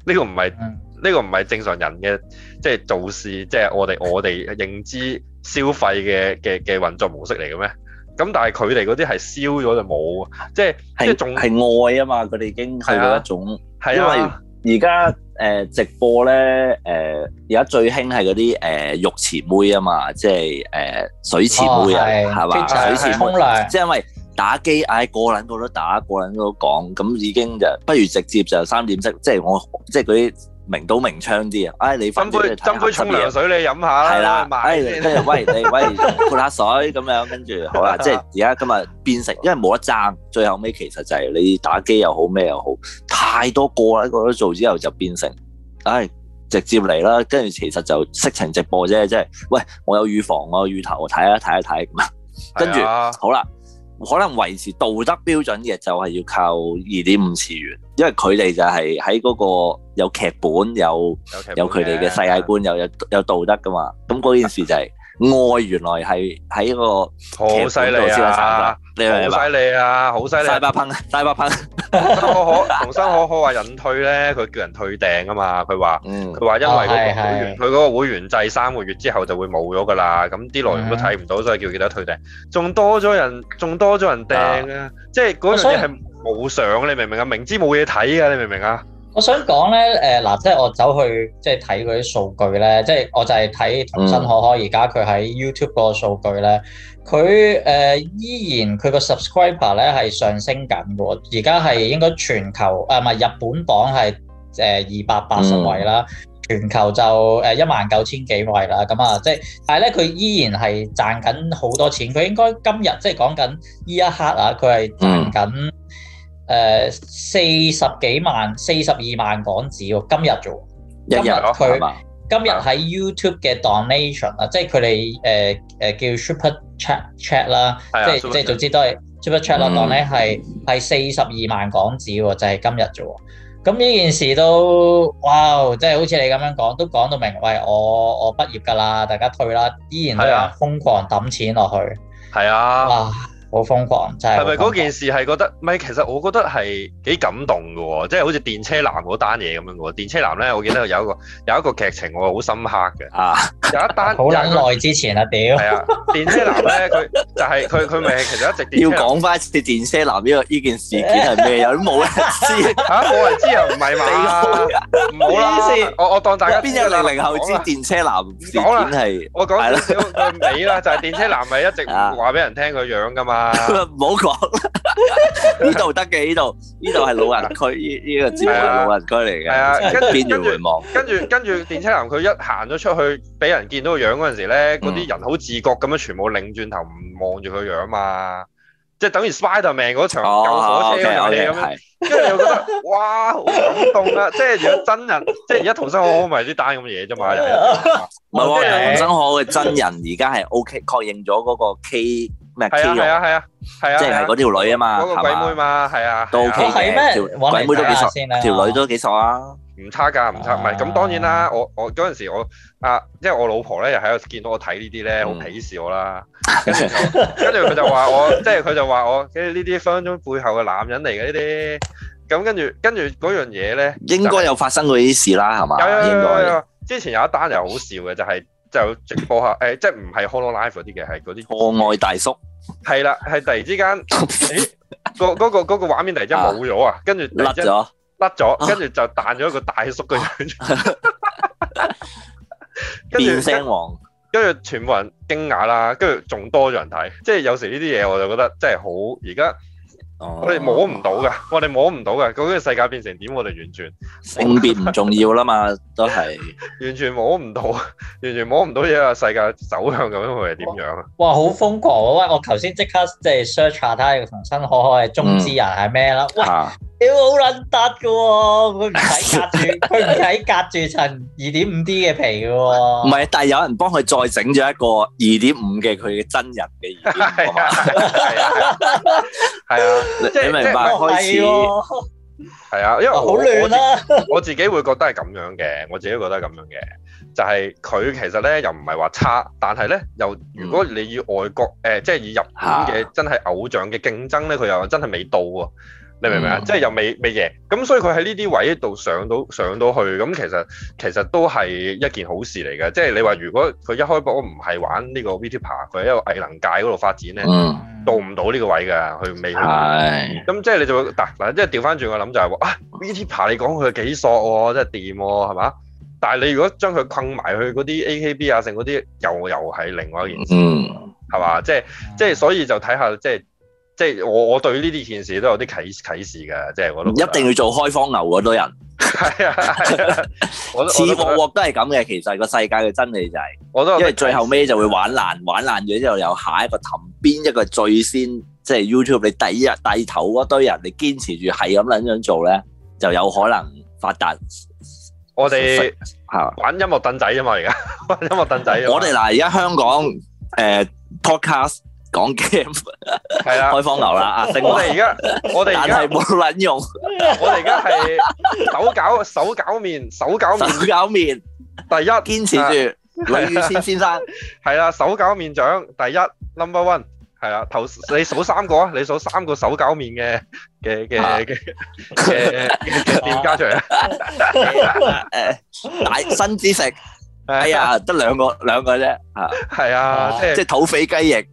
呢、這個唔係。嗯呢個唔係正常人嘅，即、就、係、是、做事，即、就、係、是、我哋我哋認知消費嘅嘅嘅運作模式嚟嘅咩？咁但係佢哋嗰啲係燒咗就冇，即係是即仲還係愛啊嘛！佢哋已經去到一種，啊啊、因為而家誒直播咧誒，而、呃、家最興係嗰啲誒浴池妹啊嘛，即係誒水池妹啊，係嘛？水池妹，哦、即係因為打機，嗌個撚個都打，個撚個都講，咁已經就不如直接就三點式、就是就是，即係、就是、我即係啲。就是名刀名槍啲啊！哎，你斟杯斟杯沖涼水事你飲下啦，係啦，哎，即係喂你喂潑下水咁樣，跟住好啦，即係而家今日變成，因為冇得爭，最後尾其實就係你打機又好咩又好，太多個啦，一個都做之後就變成，哎，直接嚟啦，跟住其實就色情直播啫，即係喂我有預防我有乳頭，睇一睇一睇，跟住、啊、好啦，可能維持道德標準嘅就係要靠二點五次元，因為佢哋就係喺嗰個。有劇本，有有佢哋嘅世界觀，又有有道德噶嘛？咁嗰件事就係愛，原來係喺一個好犀利啊！好犀利啊！好犀利！大把噴，大把噴。可可，桐生可可話引退咧，佢叫人退訂啊嘛。佢話，佢話因為嗰個會員，佢嗰個會員制三個月之後就會冇咗噶啦。咁啲內容都睇唔到，所以叫記得退訂？仲多咗人，仲多咗人訂啊！即係嗰樣嘢係冇相，你明唔明啊？明知冇嘢睇啊，你明唔明啊？我想講咧，誒、呃、嗱，即係我走去即係睇嗰啲數據咧，即係我就係睇桐生可可而家佢喺 YouTube 嗰個數據咧，佢誒、嗯呃、依然佢個 subscriber 咧係上升緊嘅，而家係應該全球誒唔係日本榜係誒二百八十位啦，嗯、全球就誒一萬九千幾位啦，咁啊，即係但係咧佢依然係賺緊好多錢，佢應該今日即係講緊依一刻啊，佢係賺緊、嗯。誒四十幾萬，四十二萬港紙喎，今日做。 今日佢今日喺 YouTube 嘅 donation 啊是的，即係佢哋誒誒叫 Super Chat chat 啦，即係即係總之都係 Super Chat 啦，當咧係係四十二萬港紙喎，就係今日做。咁呢、嗯、件事都哇，wow，即係好似你咁樣講，都講到明，喂，我我畢業㗎啦，大家退啦，依然都係瘋狂揼錢落去。係啊。好瘋狂，真係係咪嗰件事係覺得咪？其實我覺得係幾感動噶，即係好似電車男嗰單嘢咁樣噶。電車男咧,我記得有一個有一個劇情我好深刻嘅啊，有一單好耐之前啦，屌係啊！電車男咧，佢就係佢佢咪其實一直電要講翻次電車男呢個呢件事件係咩？有冇人知啊？冇人知又唔係嘛？唔好啦，我我當大家邊有零零後知電車男？講啦，係我講下佢佢尾啦，就係電車男咪一直話俾人聽佢樣噶嘛。唔好講，呢度得嘅，呢度呢度係老人區，呢呢個叫老人區嚟嘅。係啊，跟住回望，跟住跟住電車男佢一行咗出去，俾人見到個樣嗰陣時咧，嗰啲人好自覺咁樣，全部擰轉頭望住佢樣啊嘛，即係等於 Spiderman 嗰場救火車嘅嘢咁樣，即係又覺得哇好感動啊！即係如果真人，即係而家桐生可好埋啲單咁嘢啫嘛，唔係桐生可嘅真人，而家係 O K 確認咗嗰個 K。啊，係啊，係啊，係啊，即係嗰條女啊嘛，嗰個鬼妹嘛，係啊，都 OK，鬼妹都幾索，條女都幾索啊。唔差噶，唔差，唔係咁，當然啦，我我嗰陣時我啊，即係我老婆咧又喺度見到我睇呢啲咧，好鄙視我啦。跟住，跟住佢就話我，即係佢就話我，跟住呢啲分分鐘背後嘅男人嚟嘅呢啲。咁跟住，跟住嗰樣嘢咧，應該有發生過啲事啦，係嘛？有啊，應該之前有一單又好笑嘅，就係。就直播下，誒、欸，即係唔係 hololive 嗰啲嘅，係嗰啲我愛大叔。係啦，係突然之間，欸嗰個嗰、嗰個嗰畫面突然之間冇咗啊，跟住甩咗，甩咗了，跟住就彈咗一個大叔嘅樣，啊、 跟住著聲王，跟住全部人驚訝啦，跟住仲多咗人睇，即係有時呢啲嘢我就覺得真係好，而家。Oh. 我哋摸唔到噶，我哋摸唔到噶，究竟個世界變成點，我哋完全，分別唔重要啦嘛， 都係是 完全摸唔到，完全摸唔到呢個世界走向究竟會係點樣啊？哇，好瘋狂啊！喂，我頭先即刻即係 search 下，睇下桐生可可嘅中之人係咩啦？哇！你好撚搭嘅喎，佢唔使隔住，佢唔使隔住層二點五 D 嘅皮嘅、啊、喎。唔係 但係有人幫佢再整咗一個二點五嘅佢嘅真人嘅二啊！係啊， 你明白、哦、開始係啊是的， 因為好亂啦。我自己會覺得係咁樣嘅，我自己覺得係咁樣嘅，就係、是、佢其實咧又唔係話差，但係咧又如果你以外國誒、呃、即係以日本嘅、嗯嗯、真係偶像嘅競爭咧，佢又真係未到喎。你明唔明啊？嗯、即係又未未贏，咁所以佢喺呢啲位度上到上到去，咁其實其實都係一件好事嚟嘅。即係你話，如果佢一開波唔係玩呢個 Vtuber 佢喺一個藝能界嗰度發展咧，嗯、到唔到呢個位嘅，佢未。係、嗯。咁即係你就會，嗱嗱，即係調翻轉我諗就係、是、話啊 Vtuber 你講佢幾索喎，真係掂喎，係嘛？但係你如果將佢困埋去嗰啲 AKB 啊，剩嗰啲又又係另外一件事，係嘛、嗯？即係即係，所以就睇下即係。即係我我對呢啲件事都有啲啟啟示嘅，即係我都得一定要做開荒牛嗰堆人，係啊，次鑊鑊都係咁嘅。其實個世界嘅真理就係、是，我都因為最後尾就會玩爛，示玩爛咗之後，有下一個潭邊一個最先，即係 YouTube 你第一日帶頭嗰堆人，你堅持住係咁捻樣做咧，就有可能發達。 我哋吓玩音樂凳仔啫嘛，玩樂而家音樂凳仔。我哋嗱，而家香港誒 Podcast。呃講 game 係啦，開荒牛啦啊！我哋而家我哋而家係冇撚用，我哋而家係手攪手攪麵，手攪手攪麵，第一堅持住李宇謙先生係啦，手攪麵獎第一 number one 係啦，頭你數三個啊，你數三個手攪麵嘅嘅嘅嘅嘅嘅店家出嚟，誒，大新知識，哎呀，得兩個兩個啫，吓係啊，即係即係土匪雞翼。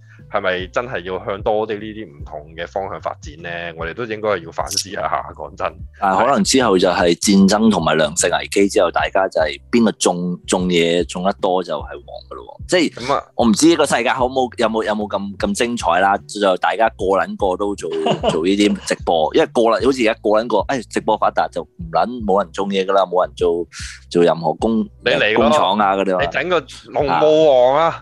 係咪真係要向多啲呢啲唔同嘅方向發展咧？我哋都應該係要反思一下。講真，啊，可能之後就係戰爭同埋糧食危機之後，大家就係邊個種種嘢種得多就係王噶咯。即係、咁啊、我唔知呢個世界有冇有冇有冇咁咁精彩啦。就大家個撚個都做做呢啲直播， 因為個撚好似而家個撚個誒直播發達就唔撚冇人種嘢噶啦，冇人做做任何工你工廠啊嗰啲。你整個農務王啊，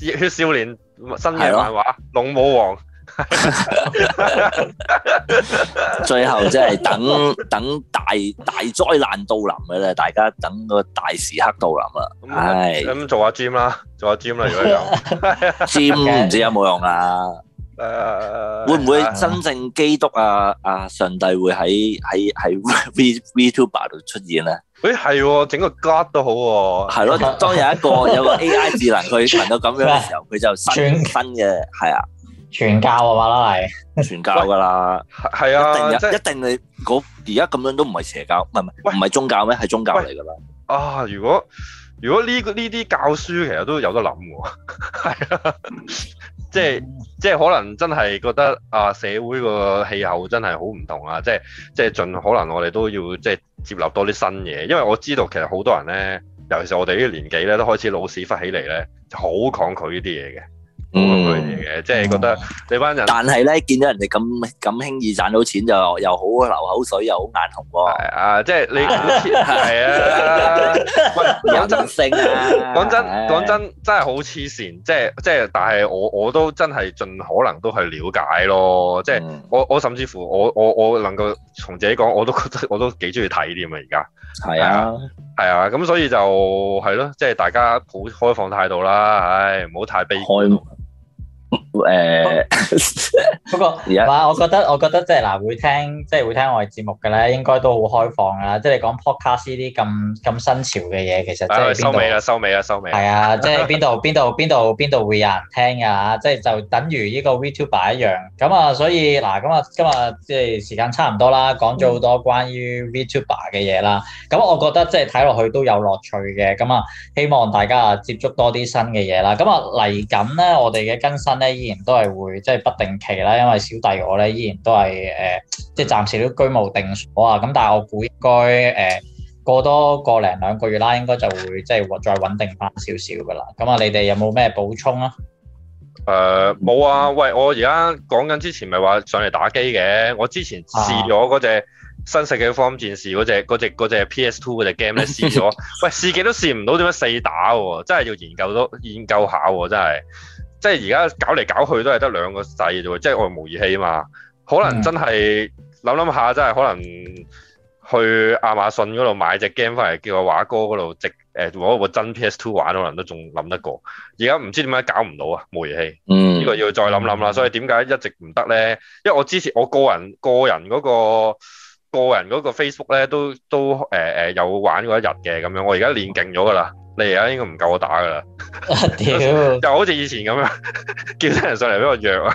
熱血少年。新年大話，對哦、龍武王， 最後即係等，等大大災難到臨嘅啦，大家等個大時刻到臨啦。係咁做下 gym 啦，做下 gym 啦，如果樣 有有用 gym 唔知有冇用啦。 會唔會真正基督啊啊上帝會喺喺喺 Vtuber 度出現咧？誒，係、哎，整個 god 都好，啊，係咯，當有一個有一個 AI 智能，佢行到咁樣嘅時候，佢就新全新嘅，係啊，傳教啊嘛，係的傳教噶啦，係啊的，一定、就是、一定你而家咁樣都唔係邪教，唔係唔係宗教咩？係宗教嚟噶啦。啊，如果如果呢呢啲教書其實都有得諗，係啊。 即係即係可能真係覺得啊社會個氣候真係好唔同啊！即係即係盡可能我哋都要即係接納多啲新嘢，因為我知道其實好多人咧，尤其是我哋呢個年紀咧，都開始老屎忽起嚟咧，就好抗拒呢啲嘢嘅。嗯嘅，即係覺得呢班人，但係咧見到人哋咁咁輕易賺到錢就又好流口水，又好眼紅，哦。係啊，即係你係 啊，真 喂性講，啊、真，講 真真係好黐綫，即係即係。但係我我都真係盡可能都去了解咯。即係、嗯、我我甚至乎我我我能夠從自己講，我都覺得我都幾中意睇添啊。而家係啊係啊，咁、啊啊、所以就係咯，即係大家抱開放態度啦。唉，唔好太悲誒， 不過嗱 一， 我覺得我覺得即係嗱，會聽即係會聽我哋節目嘅咧，應該都好開放啊！即係講 podcast 呢啲咁咁新潮嘅嘢，其實即係邊度？收尾啦，收尾啦，收尾。係啊，即係邊度邊度邊度邊度會有人聽嘅吓？即係就等於呢個 Vtuber 一樣。咁啊，所以嗱，咁啊，今日即係時間差唔多啦，講咗好多關於 Vtuber 嘅嘢啦。咁我覺得即係睇落去都有樂趣嘅。咁啊，希望大家接觸啊接觸多啲新嘅嘢啦。咁啊嚟緊咧，我哋嘅更新咧。呢依然都係會即係不定期啦，因為小弟我咧依然都係誒、呃，即係暫時都居無定所啊。咁但係我估應該誒、呃、過多個零兩個月啦，應該就會即係再穩定翻少少噶啦。咁啊，你哋有冇咩補充啊？誒冇、呃、啊！喂，我而家講緊之前咪話上嚟打機嘅，我之前試咗嗰隻新世紀福音戰士嗰隻嗰、啊、隻，隻，隻 PS Two 嗰隻 game 咧試咗。 喂，試幾都試唔到點樣四打喎，真係要研究多研究下喎，真係。即係而家搞嚟搞去都係得兩個掣啫喎，即係我係模擬器啊嘛。可能真係諗諗下，真係、嗯、可能去亞馬遜嗰度買隻 game 翻嚟，叫阿華哥嗰度直誒攞個真 PS2 玩，可能都仲諗得過。而家唔知點解搞唔到啊，模擬器。嗯，呢個要再諗諗啦。所以點解一直唔得咧？因為我之前我個人個人嗰、那個、個人嗰 Facebook 咧都都誒誒、呃呃、有玩過一日嘅咁樣，我而家練勁咗㗎啦。你而家應該唔夠我打噶啦，我又好似以前咁樣叫啲人上嚟俾我約 啊，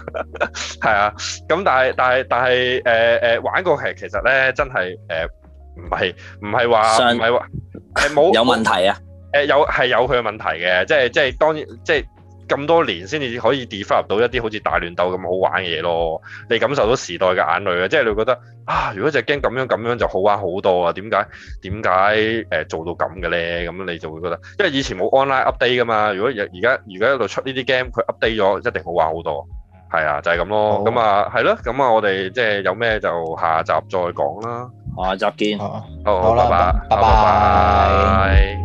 係啊，咁但係但係但係誒誒玩過其其實咧真係誒唔係唔係話唔係話誒冇有問題啊、呃，誒有係有佢嘅問題嘅，即係即係當然即係。即咁多年先至可以 develop 到一啲好似大亂鬥咁好玩嘅嘢咯，你感受到時代嘅眼淚啊！即係你會覺得啊，如果隻 game 咁樣咁樣就好玩好多啊？點解？點解誒做到咁嘅咧？咁你就會覺得，因為以前冇 online update 噶嘛。如果而家而家喺度出呢啲 game，佢 update 咗，一定好玩好多。係啊，就係、是、咁咯。咁好啊，係咯。咁啊，我哋即係有咩就下集再講啦。下集見。好，好，拜吧。拜拜。